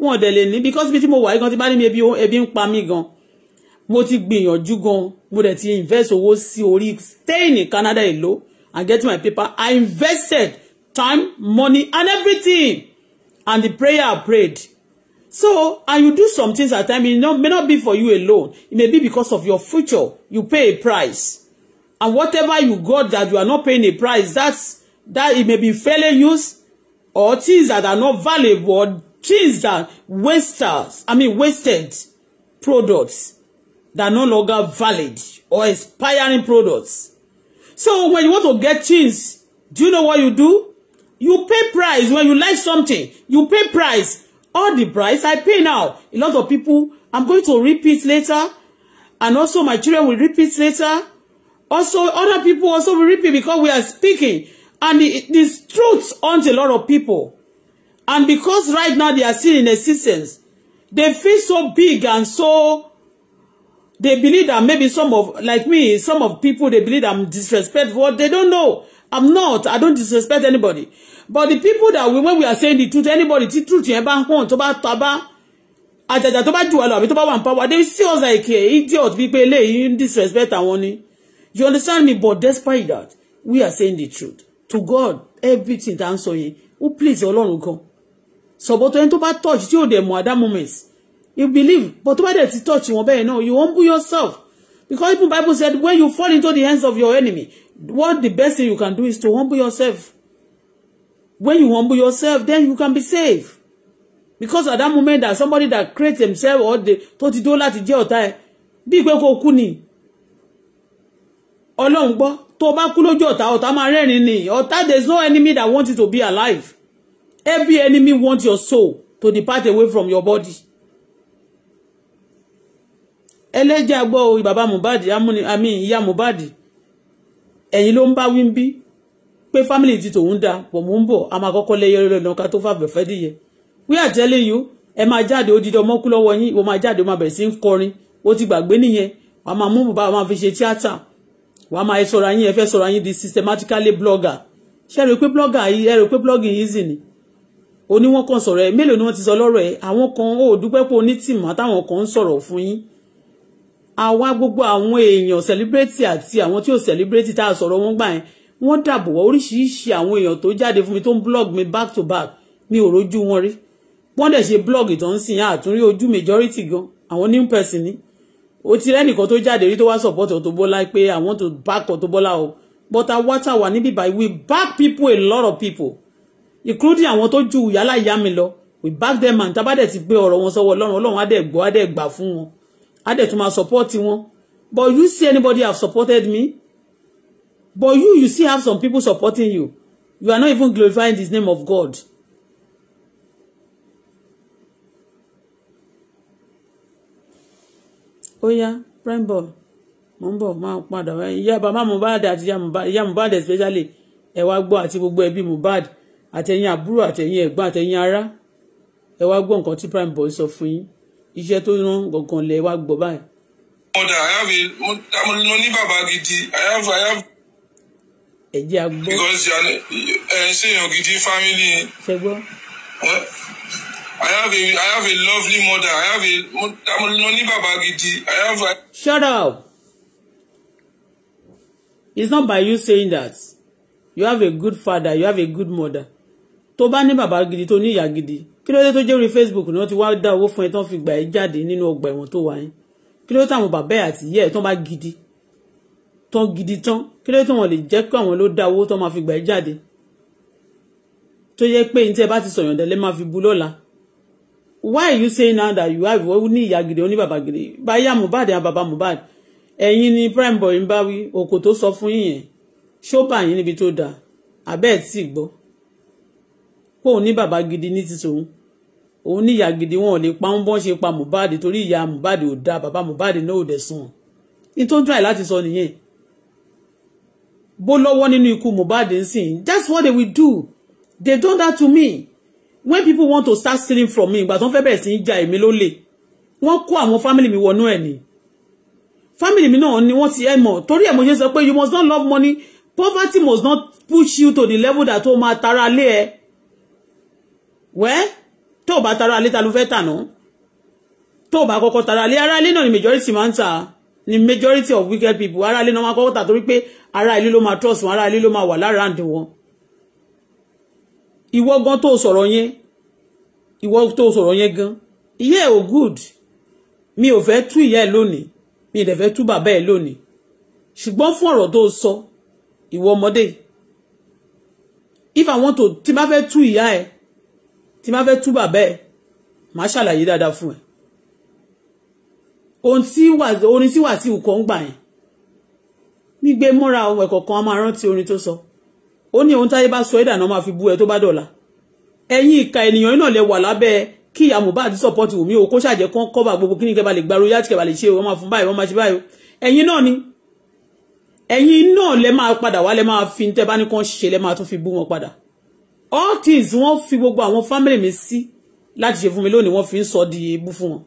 wọn ò dẹ̀ lè ní because bí tí mo wà yìí gan ti bá ní mi ebi ń pa mí gan mo ti gbìyànjú gan mo dẹ̀ ti invest owó sí orí stay in Canada èlò and get my paper I invested time money and everything and the prayer I prayed so and you do some things at time it not, may not be for you alone it may be because of your future you pay a price and whatever you got that you are not paying a price that's that it may be failure use or things that are not valuable things that wasters, I mean wasted products that no longer valid or expiring products. So when you want to get things, do you know what you do? You pay price when you like something. You pay price. All the price I pay now. A lot of people, I'm going to repeat later. And also my children will repeat later. Also, other people also will repeat because we are speaking. And the, the truth haunts a lot of people. And because right now they are still in existence, they feel so big and so they believe that maybe some of, like me, some of people, they believe I'm disrespectful. They don't know. I'm not. I don't disrespect anybody. But the people that we, when we are saying the truth, anybody, the truth, yẹn bá hàn, tó taba, Ajaja tó bá jù wá lọ, power, they see us like, hey, idiot, bí pé disrespect àwọn ni. You understand me? But despite that, we are saying the truth. To God, everything answer à Oh sọ yẹn, ó please Ọlọ́run sọ̀bọ́tọ̀ ẹni tó bá touch tí ò dẹ̀ mọ̀ at that moment you believe but tó bá dẹ̀ ti touch wọn bẹ́ẹ̀ náà you humble yourself because even Bible said when you fall into the hands of your enemy what the best thing you can do is to humble yourself when you humble yourself then you can be safe because at that moment that somebody that create himself or the tó ti dó láti jẹ́ ọ̀tá ẹ̀ bí pé kó kú ni ọlọ́run gbọ́ tó bá kú lójú ọ̀tá ọ̀tá máa rẹ́rìn ni ọ̀tá there is no enemy that wants you to be alive Every enemy wants your soul to depart away from your body. ẹlẹ́jà gbọ́ o bàbá Mohbad àmì ìyá Mohbad ẹ̀yin ló ń bá wí ń bí pé family ti tòun da pọ̀ mò ń bọ̀ a máa kọ́kọ́ lẹ́yẹ lọ́nà ká tó fàbẹ̀ fẹ́ dìyẹ we are telling you ẹ máa jáde odidi ọmọ kú lọ́wọ́ yín o máa jáde o máa bẹ̀rẹ̀ sí ń kọrin o ti gbàgbé nìyẹn wà máa mú bàbá wa fi ṣe tíátà wà máa sọ̀rọ̀ yín ẹ fẹ́ sọ̀rọ̀ yín di systematically blogger ṣe rò pé blogger yìí ẹ rò pé blogging easy ni oní wọn kàn sọ̀rọ̀ ẹ mélòó ni wọ́n ti sọ lọ́rọ̀ ẹ àwọn kan ò dúpẹ́ pé onítìmọ̀ táwọn kan ń sọ̀rọ̀ fún yín gbogbo àwọn èèyàn celebrate àti àwọn tí ò celebrate tá a sọ̀rọ̀ wọn gbà yẹn wọ́n dàbò wá oríṣiríṣi àwọn èèyàn tó jáde fún mi tó ń blog mi back to back mi ò rojú wọn rí wọ́n dẹ̀ ṣe to tó ń sìn àtúnrí ojú majority gan àwọn new person ni ó ti rẹ́nìkan to jáde rí tó wá support Auto Bola pé I want to back Auto Bola o but àwa tà wà níbí báyìí we back people a lot of people including àwọn tó ju ìyálà ìyá mi lọ we back them and tábàdẹ̀ ti gbé ọ̀rọ̀ wọn sọ́wọ́ ọlọ́run ọlọ́run á dẹ̀ gbọ́ á dẹ̀ gbà fún wọn á tún máa support wọn but you see anybody have supported me but you you still have some people supporting you you are not even glorifying the name of God. Oya yá prime ball mo ń bọ̀ máa padà wá ìyá bàbá Mohbad àti ìyá Mohbad especially ẹ wá gbọ́ àti gbogbo ẹbí Mohbad àtẹ̀yìn àbúrò àtẹ̀yìn ẹ̀gbọ́n àtẹ̀yìn ará ẹ wá gbọ́ nǹkan tí prime boy sọ fún yín iṣẹ́ tó rán gangan lẹ wá gbọ́ báyìí. mọ̀dà àyàfi mo ní bàbá gidi àyàfi àyàfi. ẹ jẹ́ a because ẹ ń ṣèyàn gidi family. ṣe gbọ́. I have a I lovely mother. I mo ní bàbá gidi. I Shut up. It's not by you saying that. You have a good father. You have a good mother tó bá ní bàbá gidi tó ní ìyá gidi kí ló dé tó jẹ́ orí Facebook ni wọ́n ti wá dá owó fún ẹ tán fi gbà ẹ́ jáde nínú ọgbà ẹ̀wọ̀n tó wà kí ló táwọn bàbá ẹ̀ àti ìyá ẹ̀ tán bá gidi tán gidi tán kí ló tó wọn lè jẹ́ pé àwọn ló dá owó tán máa fi gbà ẹ́ jáde tó yẹ pé ní tí ẹ bá ti sọ̀yàn dẹ́lẹ́ máa fi bu lọ́la why you say now that you have ó ní ìyá gidi ó ní bàbá gidi báyà Mohbad àwọn bàbá Mohbad ẹ̀yin ni Primeboy ń bá wí òkò tó sọ fún yìnyẹn ṣó bàyín níbi tó dáa àbẹ́ẹ̀ tí gbọ́ pé òun ní bàbá gidi ní ti tòun òun ní ìyá gidi wọn ò lè pa ń bọ́n ṣe pa Mohbad torí ìyá Mohbad ò dáa bàbá Mohbad náà ò dẹ̀ sùn ní tó ń try láti sọ nìyẹn bó lọ́wọ́ nínú ikú Mohbad ń sìn that's what they will do they done that to me when people want to start stealing from me ìgbà tó ń fẹ́ bẹ̀rẹ̀ sí í ja èmi lólè wọ́n kó àwọn family mi wọnú ẹ̀ ni family mi náà ni wọ́n ti ẹ̀ mọ̀ torí ẹ̀ mo ṣe sọ pé you must not love money poverty must not push you to the level that o máa tara lé ẹ wẹ́ tó bá tara alẹ́ ta ló fẹ́ tà náà tó bá kọ́kọ́ tara alẹ́ ara ilé náà ni majority máa ń tà ni majority of wicked people ara ilé náà máa kọ́kọ́ tà torí pé ara ilé ló máa trust wọn ara ilé ló máa wà lára àǹdí wọn ìwọ gan tó sọ̀rọ̀ yẹn ìwọ tó sọ̀rọ̀ yẹn gan ìyá ẹ̀ ò good mi ò fẹ́ tú ìyá ẹ̀ lónìí mi ì dẹ̀ fẹ́ tú bàbá ẹ̀ lónìí ṣùgbọ́n fún ọ̀rọ̀ tó sọ ìwọ ọmọdé if i want to tí bá fẹ́ tú ìyá ẹ̀ tí má fẹ́ tú be, ẹ̀ má ṣàlàyé dáadáa fún ẹ̀ ohun tí wà orin tí wà sí ìkọ̀ ń gbà yẹn gbígbé mọ́ra ohun ẹ̀kọ̀ kan a máa rántí orin tó sọ ó ni ohun táyé bá sọ ẹ̀dà náà máa fi bú ẹ tó bá dọ̀la ẹ̀yin ìka ènìyàn náà lè wà lábẹ́ kí ìyá Mohbad support Wùmí o kó ṣàjẹ́ kán kọ́ bá gbogbo kí ni kẹ́ bá lè gba royalty kẹ́ bá lè ṣe wọ́n máa fún báyìí wọ́n máa ṣe báyìí ẹ̀yin náà ni ẹ̀yin náà lẹ máa padà wá lẹ máa fi tẹ́ bá ní kán ṣe lẹ máa tún fi bú wọn padà all things wọ́n fi gbogbo àwọn family mi sí láti ṣe fún mi lónìí wọ́n fi ń di ebú fún wọn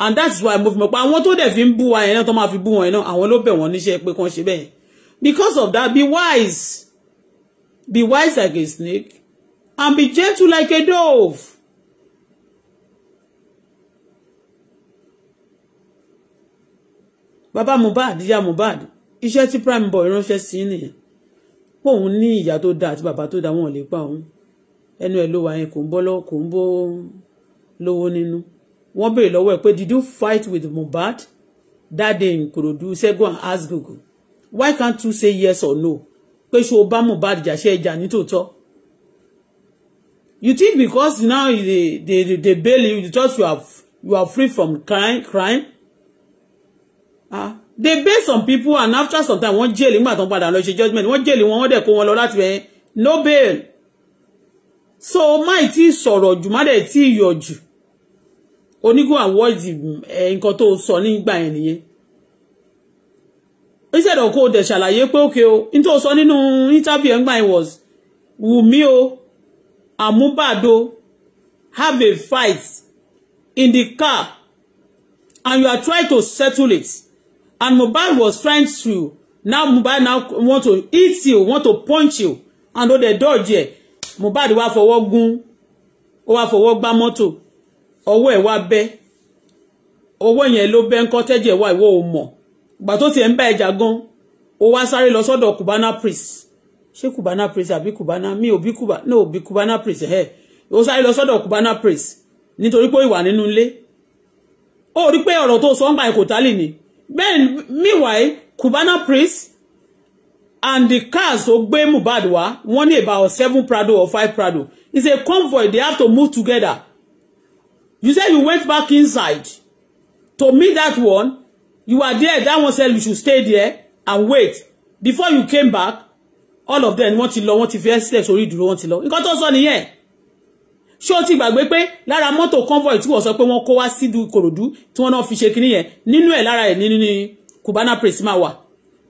and that's why mo fi mọ̀ pé àwọn to dẹ̀ fi ń bú wa yẹn to tó máa fi bú wọn yẹn náà àwọn ló bẹ̀ wọ́n níṣẹ́ pé kàn ṣe because of that be wise be wise like a snake and be gentle like a dove. bàbá Mohbad ìyá Mohbad iṣẹ́ tí prime boy ránṣẹ́ sí nìyẹn pòun ní ìyá tó dáa àti bàbá tó dáa wọn lè pa òun ẹnu ẹ̀ ló wà yẹn kò ń bọ́ lọ́wọ́ kò ń bọ́ lówó nínú wọ́n béèrè lọ́wọ́ ẹ̀ pé did you fight with Mohbad that day in Ikorodu Segun and ask Google why can't you say yes or no pé ṣé o bá Mohbad jà ṣe ìjà nítòótọ́ you think because now they they they bail you you thought you are you are free from crime crime ah they bail some people and after some time wọ́n jail nígbà tó ń padà lọ ṣe judgement wọ́n jẹ́lì wọn wọ́n dẹ̀ kó wọn lọ láti bẹ̀yẹn no bail so máì tí sọ̀rọ̀ jù má dẹ̀ tí yọ̀ jù onígo award eh, nǹkan tó sọ nígbà yẹn nìyẹn instead of kó o dẹ̀ ṣàlàyé pé òkè o n tó sọ nínú interview ẹ̀ ń gbà yẹn was Wùmí o Àmúbàdo have a fight in the car and you are trying to settle it and Mohbad was trying to now Mohbad now want to hit you want to punch you and o dey dodge there Mohbad wá fọwọ́ gún ó wá fọwọ́ gbá mọ́tò ọwọ́ ẹ̀ wá bẹ́ ọwọ́ yẹn ló bẹ́ ń kọ́ tẹ́jẹ̀ wá ìwọ ò mọ̀ ìgbà tó tiẹ̀ ń bá ẹja gan ó wá sáré lọ sọ́dọ̀ Cubana priest ṣé Cubana priest àbí Cubana mi ò bí Cuba no bí Cubana priest ẹ̀ ó sáré lọ sọ́dọ̀ Cubana priest nítorí pé ó nínú ilé ó rí pé ọ̀rọ̀ tó sọ ń gbà ẹ̀kọ́ tálì ni bẹ́ẹ̀ meanwhile Cubana priest and the cars tó gbé Mohbad wá wọ́n ní about seven Prado or five Prado it's a convoy they have to move together you say you went back inside to meet that one you were there that one said you should stay there and wait before you came back all of them wọ́n ti lọ wọ́n ti fi ẹsẹ̀ sórí ìdúró wọ́n ti lọ nǹkan tó sọ nìyẹn ṣé o ti gbàgbé pé lára mọ́tò convoy tí wọ́n sọ pé wọ́n kó wá sí Ìkòròdú tí wọ́n náà fi ṣe kinní yẹn nínú ẹ̀ lára ẹ̀ nínú ni Cubana Prisma wà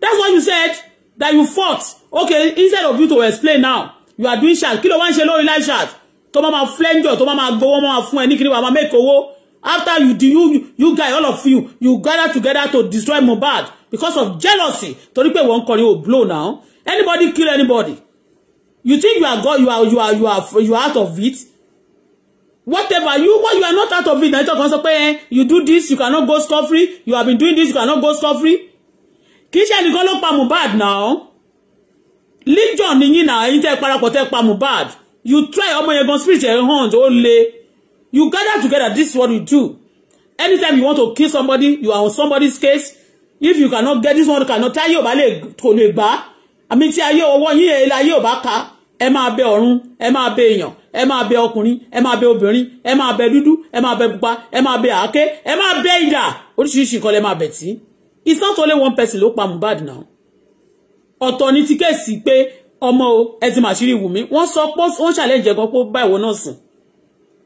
that's what you said that you fought okay instead of you to explain now you are doing chat kí one, wá ń ṣe lórí live chat tó máa ma flenjo tó ma gbowó máa fún ẹ ní kíni make owó after you do you you guys all of you you gather together to destroy Mohbad because of jealousy torí pé wọ́n kọrin ò blow now anybody kill anybody you think you are God you are you are you are you are out of it whatever you what you are not out of it na ito kan sọ pé you do this you cannot go scot free you have been doing this you cannot go scot free kì í ṣe ẹnìkan ló pa Mohbad náà legion nìyí náà ẹ̀yin tẹ́ parapọ̀ tẹ́ pa Mohbad you try ọmọ yẹn gan spirit ẹ̀ hàn ó le you gather together this is what you do anytime you want to kill somebody you are on somebody's case if you cannot get this one cannot tí ayé ò bá lè kò lè gbà àmì tí ayé ọwọ́ yín ẹ̀ ayé ò bá ka ẹ máa bẹ ọ̀run ẹ máa bẹ èèyàn ẹ máa bẹ ọkùnrin ẹ máa bẹ obìnrin ẹ máa bẹ dúdú ẹ máa bẹ pupa ẹ máa bẹ àáké ẹ máa bẹ ìdà oríṣiríṣi nǹkan lẹ máa bẹ tí it's not only one person ló pa Mohbad now. ọ̀tọ̀ ni ti kẹ́sì pé ọmọ o ẹ ti màṣírí Wùmí wọ́n sọ pé wọ́n ṣàlẹ́jẹ̀ gan pé bá ìwọ náà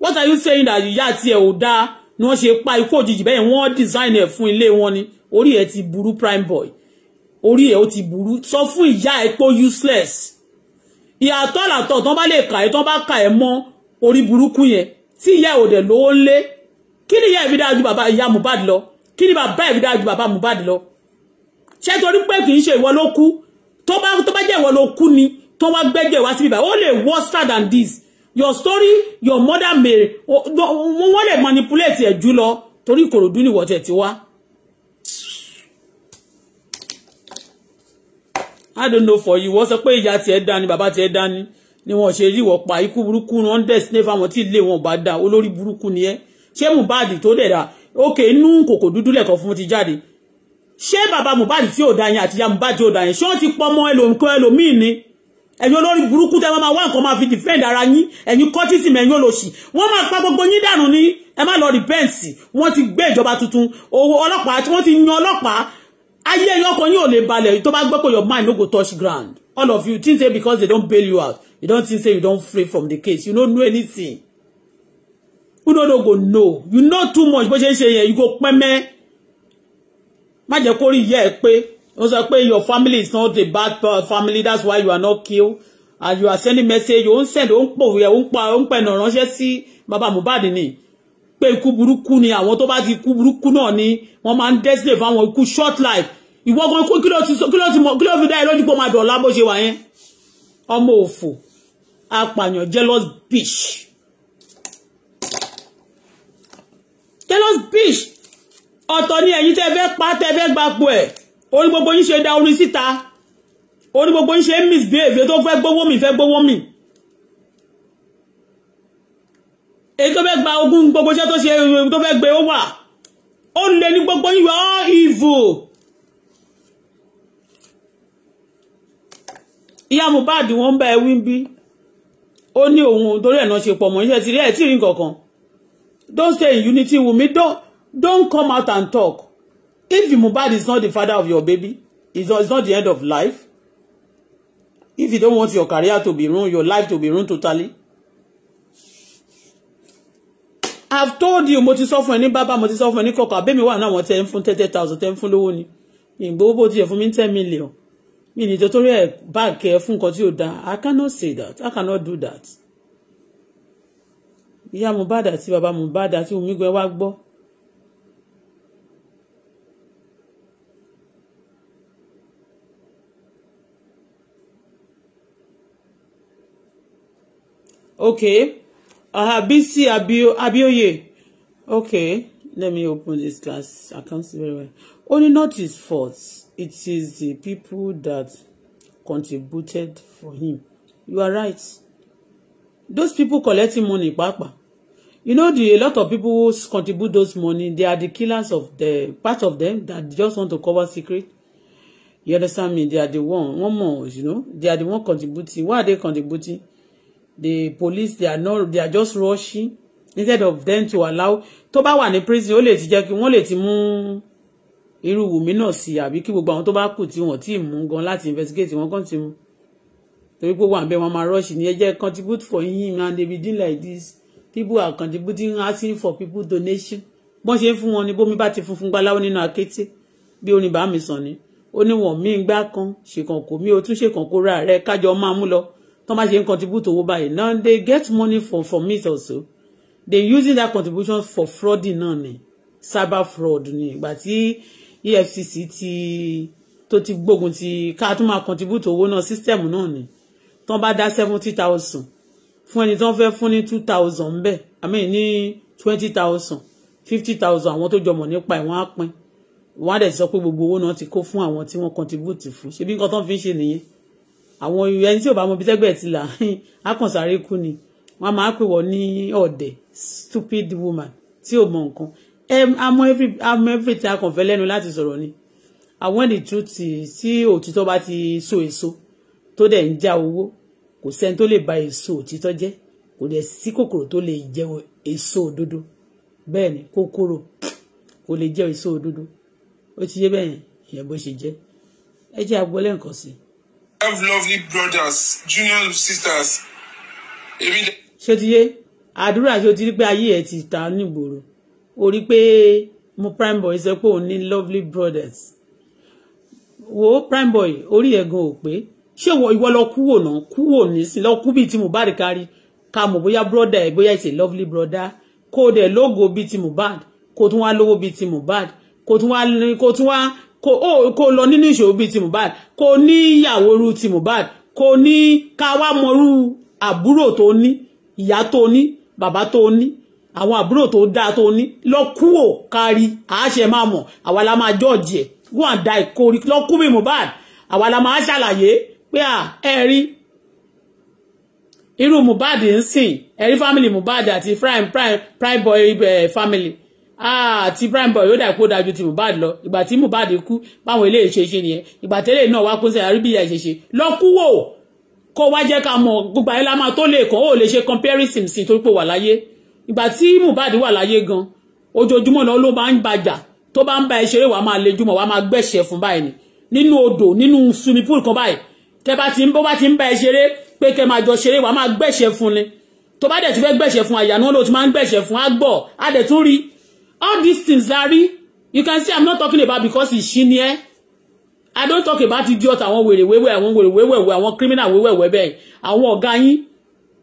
what are you saying that ìyá àti ẹ̀ ò da? ni wọ́n ṣe pa ikú òjijì bẹ́ẹ̀ wọ́n design ẹ̀ fún ilé wọn ni orí ẹ̀ ti burú prime boy orí ẹ̀ ó ti burú sọ fún ìyá ẹ̀ pé useless ìyàtọ̀ làtọ̀ tán bá lè kà ẹ́ tán bá kà ẹ́ mọ́ orí burúkú yẹn tí ìyá ẹ̀ ò dẹ̀ lówó ńlé kí ni ìyá ẹ̀ fi ju bàbá ìyá Mohbad lọ kí ni bàbá ẹ̀ fi dáa ju bàbá Mohbad lọ ṣé torí pé kì í ṣe ìwọ ló kú tó bá tó bá jẹ́ ìwọ ló kú ni tó wá gbẹ́jẹ̀ wá síbi báyìí ó lè worse than this your story your mother Mary. wọ́n lè manipulate ẹ̀ jù lọ torí Ìkòròdú ni ìwọ̀tẹ̀ ti wá. I don't know for you wọ́n sọ pé ìyá tiẹ̀ dání bàbá tiẹ̀ dání ni wọ́n ṣe rí ìwọ̀ pa ikú burúkú wọn dẹ̀ sílé fáwọn tí ilé wọn bá dá olórí burúkú ni ẹ́ ṣé Mohbad tó dẹ̀ dà òkè inú kòkò dúdú lẹ́kọ̀ọ́ fún ti jáde ṣé baba Mohbad tí ò da yẹn àtìyá Mohbad tí ò da yẹn ṣé wọ́n ti pọmọ ẹlòmíín ni ẹ̀yin olori burúkú tẹ́ máa wá nǹkan máa fi defend ara yín ẹ̀yin kọ́tísìmù ẹ̀yin olóṣì wọ́n máa pa gbogbo yín dànù ni ẹ má lọ rìpẹ́ǹsì wọ́n ti gbé ìjọba tuntun owó ọlọ́pàá tí wọ́n ti yan ọlọ́pàá ayé ẹ̀yọ́ ọkọ̀ yín ò lè balẹ̀ tó bá gbọ́ pé your mind no go touch ground all of you think say because they don't bail you out you don't think say you don't free from the case you no know anything you no no go know you know too much bó ṣe ń ṣe you go pẹ́mẹ́ má jẹ́ kó rí ìyá ẹ̀ pé wọ́n sọ your family is not a bad family that's why you are not killed and you are sending message o ń send o ń pòwé o ń pa o ń pẹ̀nà ránṣẹ́ sí bàbá Mohbad ni pé ikú burúkú ni àwọn tó bá ti kú burúkú náà ni wọ́n máa ń destiny fáwọn ikú short life ìwọ gan kí ló ti kí ló ti mọ kí ló fi dá ẹ lójú pé ó máa dọ̀la bó ṣe wà yẹn ọmọ òfò apààyàn jealous bitch. jealous bitch ọ̀tọ̀ ni ẹ̀yin tẹ́ fẹ́ pa tẹ́ fẹ́ gbapò ẹ̀ orí gbogbo yín ṣe da orin síta orí gbogbo yín ṣe misbehave tó fẹ́ gbowó mi fẹ́ gbowó mi. èyí tó fẹ́ gba ogún gbogbo iṣẹ́ tó ṣe tó fẹ́ gbé ó wà ó lè ní gbogbo yín wà all evil. ìyá Mohbad wọn bá ẹ wí bí ó ní òun torí ẹ̀ náà ṣe pọ̀ mọ́ iṣẹ́ tí rí ẹ̀ tí rí nǹkan kan Don't stay in unity with me. Don't don't come out and talk. If Mohbad is not the father of your baby, it's not, it's not the end of life. If you don't want your career to be ruined, your life to be ruined totally. I've told you mo ti sọ fún ẹ ní bàbá mo ti sọ fún ẹ ní kọ̀kọ̀ àbẹ́mi wà náà wọ́n tẹ́ ń fún thirty thousand tẹ́ ń fún lówó ni ìgbówó bó tiẹ̀ fún mi ten million mi ní torí ẹ̀ báàkì ẹ̀ fún nǹkan tí ò dáa I cannot say that I cannot do that ìyá Mohbad àti bàbá Mohbad àti Wunmi gan wá gbọ́. okay uh, bisi abio abioye okay let me open this class i can't see very well only not his fault it is the people that contributed for him you are right those people collecting money papa you know the a lot of people who contribute those money they are the killers of the part of them that just want to cover secret you understand me they are the one one more you know they are the one contributing why are they contributing the police they are not they are just rushing instead of them to allow tó bá wà ní prison ó lè ti jẹ́ kí wọ́n lè ti mú irú Wùmí náà sí àbí kí gbogbo àwọn tó bá kù tí wọ́n ti mú gan láti investigate wọ́n kàn ti mú torí pé wọ́n àbẹ̀ wọn máa rush ní ẹjẹ́ contribute for him and they be doing like this people are contributing asking for people donation bọ́n ṣe ń fún wọn ni bómi bá ti funfun gbaláwo nínú akété bí orin bá mi sàn ni ó ní wọn míì gbá kan ṣèkànkò mi ò tún ṣèkànkò ra rẹ kájọ máa mú lọ tó má ṣe ń contribute owó báyìí now they get money from from it also they using that contribution for fraud náà ni cyber fraud ni ìgbà tí EFCC ti tó ti gbógun ti ká tún máa contribute owó náà system náà ni tó bá dá seventy thousand fún ẹni tó ń fẹ́ fún ní two thousand ń bẹ̀ i mean ní twenty thousand fifty thousand àwọn tó jọmọ̀ nípa ẹ̀ wọ́n á pín wọ́n á dẹ̀ sọ pé gbogbo owó náà ti kó fún àwọn tí wọ́n contribute fún ṣebí nǹkan tó ń fi ń ṣe nìyẹn àwọn ẹni tí ò bá mọ ibi tẹ́gbẹ̀ẹ́ ti là [LAUGHS] á kàn sáré kú ni wọ́n á máa pè wọ́n ní ọ̀dẹ̀ stupid woman tí ò mọ nǹkan àmọ́ every àmọ́ every tí a kàn fẹ́ lẹ́nu láti sọ̀rọ̀ ni àwọn ẹni tí òtítọ́ bá ti so èso tó dẹ̀ ń já owó kò sẹ́ni tó lè ba èso òtítọ́ jẹ́ kò dẹ̀ sí kòkòrò tó lè jẹ èso òdodo bẹ́ẹ̀ ni kòkòrò kò lè jẹ èso òdodo ó ti yé bẹ́ẹ̀ yẹn bó ṣe jẹ́ ẹ jẹ́ agbolé nǹkan sí. have lovely brothers junior sisters. ṣé ti yé àdúrà ṣe o ti rí pé ayé ẹ ti ta nígboro o rí pé mo prime boy sọ pé òun ní lovely brothers wo prime boy orí ẹ̀ gan ò pé ṣé ìwọ lọ kúwò náà kúwò nísìn lọ kú bíi ti Mohbad kárí ká mọ̀ bóyá brọ́dà ẹ̀ bóyá it's lovely brother kó o dẹ̀ lógo bíi ti Mohbad kó o tún wá lówó bíi ti Mohbad kó o tún wá kó o tún wá kó o lọ nínú ìṣòro bíi ti Mohbad kó ní ìyàwó ru ti Mohbad kó o ní ká wá mọrú àbúrò tó ní ìyá tó ní bàbá tó ní àwọn àbúrò tó dáa tó ní lọ kúwò kárí àáṣẹ máa mọ̀ àwa la máa jọ́ọ̀jì ẹ̀ wọ́n àdá ìkórè lọ kú bíi Mohbad àwa la máa ṣàlàyé pé à ẹ rí irú Mohbad ń sìn ẹ rí family Mohbad àti prime prime prime boy eh, family àti prime boy ó dà kó dájú ti Mohbad lọ ìgbà tí Mohbad kú báwọn eléyìí ṣe ṣe nìyẹn ìgbà tẹ́lẹ̀ náà wá kó sẹ́yìn àríbíyà ṣẹṣẹ lọ kú wò kó wá jẹ́ ká mọ̀ gbogbo ayé lámà tó lè kọ́ ó lè ṣe comparison sí torí pé wà láyé ìgbà tí Mohbad wà láyé gan ojoojúmọ́ náà ló máa ń bàjà tó bá ń ba ẹ ṣeré wàá máa lejúmọ́ wàá máa gbẹ̀ṣẹ̀ fún báyìí nínú odò nínú swimming pool kan báyìí tẹ bá ti ń bó bá ti ń bá ẹ ṣeré pé kẹ máa jọ ṣeré wàá ni tó bá dẹ̀ ti fẹ́ gbẹ̀ṣẹ̀ fún àyànú ló ti máa ń gbẹ̀ṣẹ̀ fún àgbọ̀ á dẹ̀ tún all these things la you can see i'm not talking about because ìṣí ni ẹ́ i don't talk about idiot àwọn wèrè wéwẹ́ àwọn wèrè wéwẹ́ àwọn criminal wéwẹ́ wẹ́bẹ́ àwọn ọ̀gá yín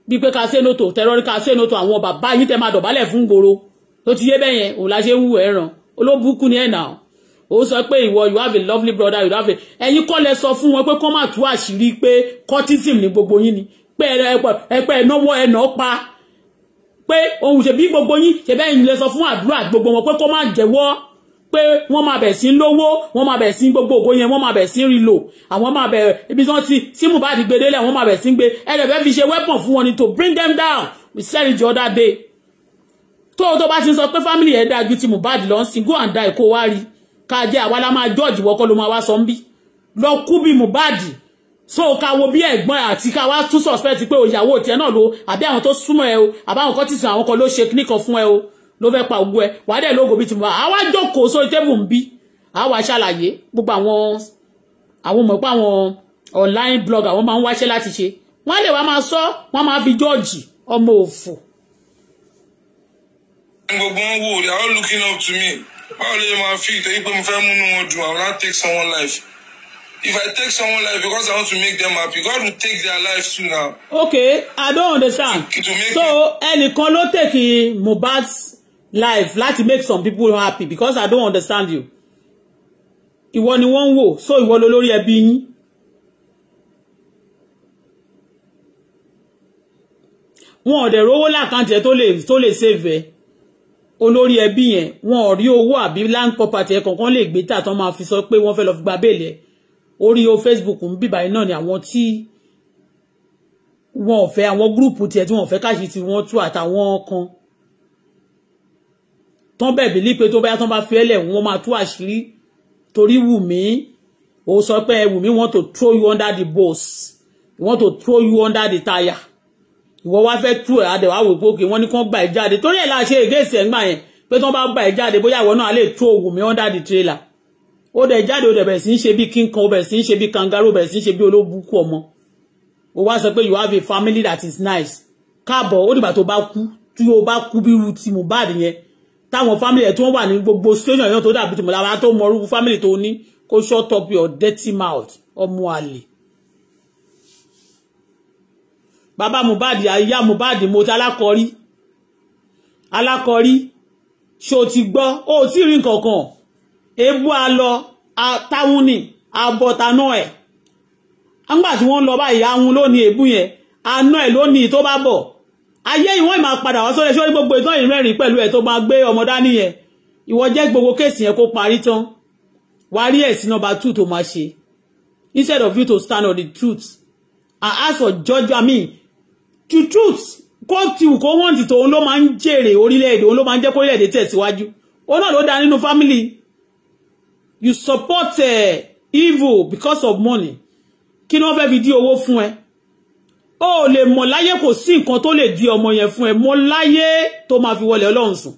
bíi pé ká ṣe noto terror ká ṣe noto àwọn bàbá yín tẹ máa dọ̀bálẹ̀ fún gbòòrò tó ti yé bẹ́yẹn òun la ṣe ń wù ẹ̀ràn olóbùkún ni ẹ̀ now ó sọ pé ìwọ you have a lovely brother you have a ẹ̀yin kọ́ lẹ sọ fún wọn pé kọ́ máa tú àṣírí pé cultism ni gbogbo yín ni pé ẹ̀pẹ́ ẹ̀náwó ẹ̀nà pa pé ohun ṣe bí gbogbo yín ṣe bẹ́ẹ̀ ń lè sọ fún àdúrà gbogbo wọn pé kọ́ máa jẹ́wọ́ pé wọ́n máa bẹ̀ sí lówó wọ́n máa bẹ̀ sí gbogbo ògo yẹn wọ́n máa bẹ̀ sí rí lò àwọn máa bẹ̀ ibi tí wọ́n ti tí Mohbad gbé délẹ̀ wọ́n máa bẹ̀ sí gbé ẹ̀rẹ̀ fẹ́ fi ṣe weapon fún wọn ni to bring them down we sell it the other day tó o tó bá ti sọ pé family ẹ̀ dáa ju ti Mohbad lọ ń sin go and die kó wá rí i ká jẹ́ àwa la máa judge wọ́kọ́ ló máa wá sọ ń bí lọ kú bí Mohbad so ká wo bí ẹ̀gbọ́n àti ká wá tún suspect pé òyàwó tiẹ̀ náà ló àbí àwọn tó súnmọ́ ẹ o àbáwọn kan tìsàn àwọn kan ló ṣe kíníkan fún ẹ o ló fẹ́ pa ògùn ẹ wàá dẹ̀ lóògùn bí ti bá àwa jókòó sórí tébù ń bí àwa ṣàlàyé gbogbo àwọn àwọn mọ̀ pé àwọn online blog àwọn máa ń wáṣẹ́ láti ṣe wọ́n lè wá máa sọ wọ́n máa fi jọ́ọ̀jì ọmọ òfò. gbogbo wọn they are all looking up to me báwo ló yẹ máa fi ìtẹ́jú pé mo fẹ́ múnú wọn I will not take someone life if I take someone life because I want to make them happy God will take their life too now. okay I don't understand to, to so ẹnìkan ló take Mohbad's life láti make some people happy because I don't understand you ìwọ ni wọ́n ń wò so ìwọ ló lórí ẹbí yín. wọn ò dẹ̀ rówó lákàntì ẹ tó lè save it olórí ẹbí yẹn wọn ò rí owó àbí land property ẹ̀ kankan lè gbé tà tán máa fi sọ pé wọ́n fẹ́ lọ fi gba béèlì ẹ̀ orí o Facebook ń bíbá iná ni àwọn tí wọn ò fẹ́ àwọn gúrùpù tiẹ̀ tí wọn ò fẹ́ káṣí tí wọ́n tú àtàwọn kan tán bẹ̀ bí lípe tó bá yá tán bá fi ẹlẹ̀ wọn máa tú àṣírí torí Wùmí ó sọ pé Wùmí want to throw you under the bus want to throw you under the tire ìwọ wá fẹ́ tú ẹ̀ adẹ̀ wá wò pé òkè wọ́n ní kán gbà ẹ̀ jáde torí ẹ̀ láṣẹ ègéèsì ẹ̀ ńgbà yẹn pé tí wọ́n bá gbà ẹ̀ jáde bóyá ìwọ náà lè tú òwò mi under the trailer ó dẹ̀ jáde ó dẹ̀ bẹ̀rẹ̀ sí ń ṣe bí kíkan ó bẹ̀rẹ̀ sí ń ṣe bí kangaroo bẹ̀rẹ̀ sí ń ṣe bí olóbùkú ọmọ ó wá sọ pé you have a family that is nice káàbọ̀ ó dìgbà tó bá kú tí ó bá kú bí irú ti Mohbad yẹn táwọn family ẹ̀ tí wọ́n wà ní gbogbo station yẹn tó dàbí ti Mohbad tó mọ irú family tó ní kó shut up your dirty mouth ọmọ àlè bàbá Mohbad ìyá Mohbad mo ti alákọrí alákọrí ṣó ti gbọ́ ó ti rí nkankan ebú a lọ táwọn ni abọ́ta ẹ̀ nígbà tí wọ́n lọ báyìí ahun lónìí èébú yẹn aná ẹ̀ lónìí tó bá bọ̀ ayé ìwọ́n ìmọ̀ padà wá sórí sórí gbogbo ìtàn ìrẹ́rìn pẹ̀lú ẹ̀ tó máa gbé ọmọ dání yẹn ìwọ jẹ́ gbogbo kéèsì yẹn kó parí tán wá rí ẹ̀sìn nọmba two tó máa ṣe instead of you to stand on the truth and ask for judgment I mean To truth kó ti wù kó wọ́ǹtì tó òun ló máa ń jèrè orílẹ̀-èdè òun ló máa ń jẹ́ kórílẹ̀-èdè tẹ̀síwájú òun náà ló dá nínú family you support uh, evil because of money kí ni wọ́n fẹ́ fi dí owó fún ẹ o lè mọ̀ láyé kò sí nǹkan tó lè di ọmọ yẹn fún ẹ mọ̀ láyé tó máa fi wọlé ọlọ́run sùn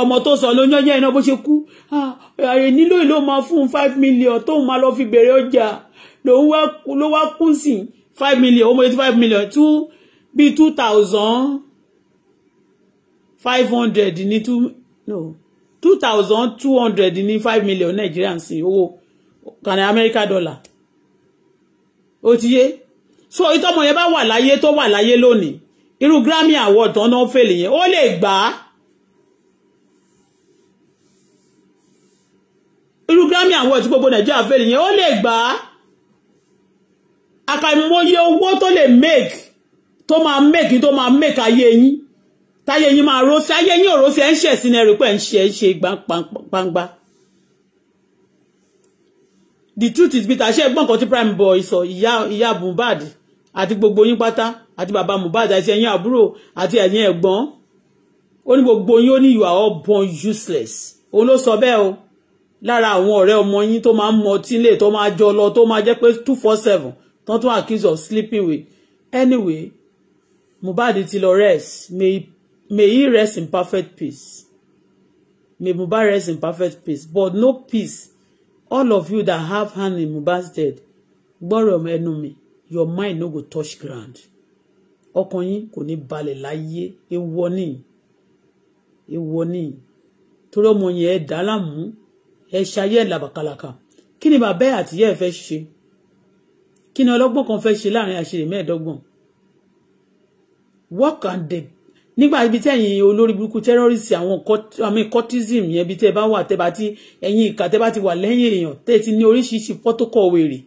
ọmọ tó sọ ló yán yán iná bó ṣe kú ah, ààrẹ nílò ìlò máa fún five million tóun máa lọ fi bẹ̀rẹ̀ ọjà lòun wá kú sí i five million almost eighty five million two be two thousand five hundred ní two no two thousand two hundred ní five million Nigerian sí owó kàní America dollar ó ti yé so ìtọ́mọ yẹn bá wà láyé tó wà láyé lónìí irú Grammy Award tán náà fèlè yẹn ó lè gbà á. irú Grammy Award tí gbogbo Nàìjíríà fèlè yẹn ó lè gbà á àkàìmọye owó tó lè make tó máa make tó máa make ayé yín táyé yín máa rọ́ọ̀sì ayé yín ò rọ́ọ̀sì ẹ̀ ń ṣẹ̀ sínú ẹ̀rù pé ẹ̀ ń ṣe ṣe gbangba. the truth is bitter ṣé ẹ̀gbọ́n kan tí prime boy sọ ìyá ìyá Mohbad àti gbogbo yín pátá àti bàbá Mohbad àti ẹ̀yin àbúrò àti ẹ̀yin ẹ̀gbọ́n ó ní gbogbo yín ó ní you are all born useless òun ló sọ bẹ́ẹ̀ o lára àwọn ọ̀rẹ́ ọmọ yín tó máa ń mọtí lè tó máa jọ lọ tó máa jẹ́ pé two four seven tó tún accuse of sleeping with anyway Mohbad ti lọ rest may may he rest in perfect peace may Mohbad rest in perfect peace but no peace all of you that have hand in Mohbad's death gbọ́rọ̀ ẹnu mi your mind no go touch ground ọkàn yín kò ní balẹ̀ láyé ewọ ní ewọ ní torí ọmọ yẹn ẹ dá láàmú ẹ ṣayé ẹ làbàkàlàkà kí ni bàbá ẹ àtìyẹ ẹ fẹ́ ṣe kí ni ọlọ́gbọ́n kan fẹ́ ṣe láàrin àṣírí mẹ́ẹ̀ẹ́dọ́gbọ̀n work and dem nígbà ibi tẹ́yìn olórí burúkú tẹ́rọ́rìsì àwọn àmì cortism yẹn ibi tẹ́ bá wà tẹ́ bá ti ẹ̀yìn ìka tẹ́ bá ti wà lẹ́yìn èèyàn tẹ́ ti ní oríṣiríṣi protocol wèrè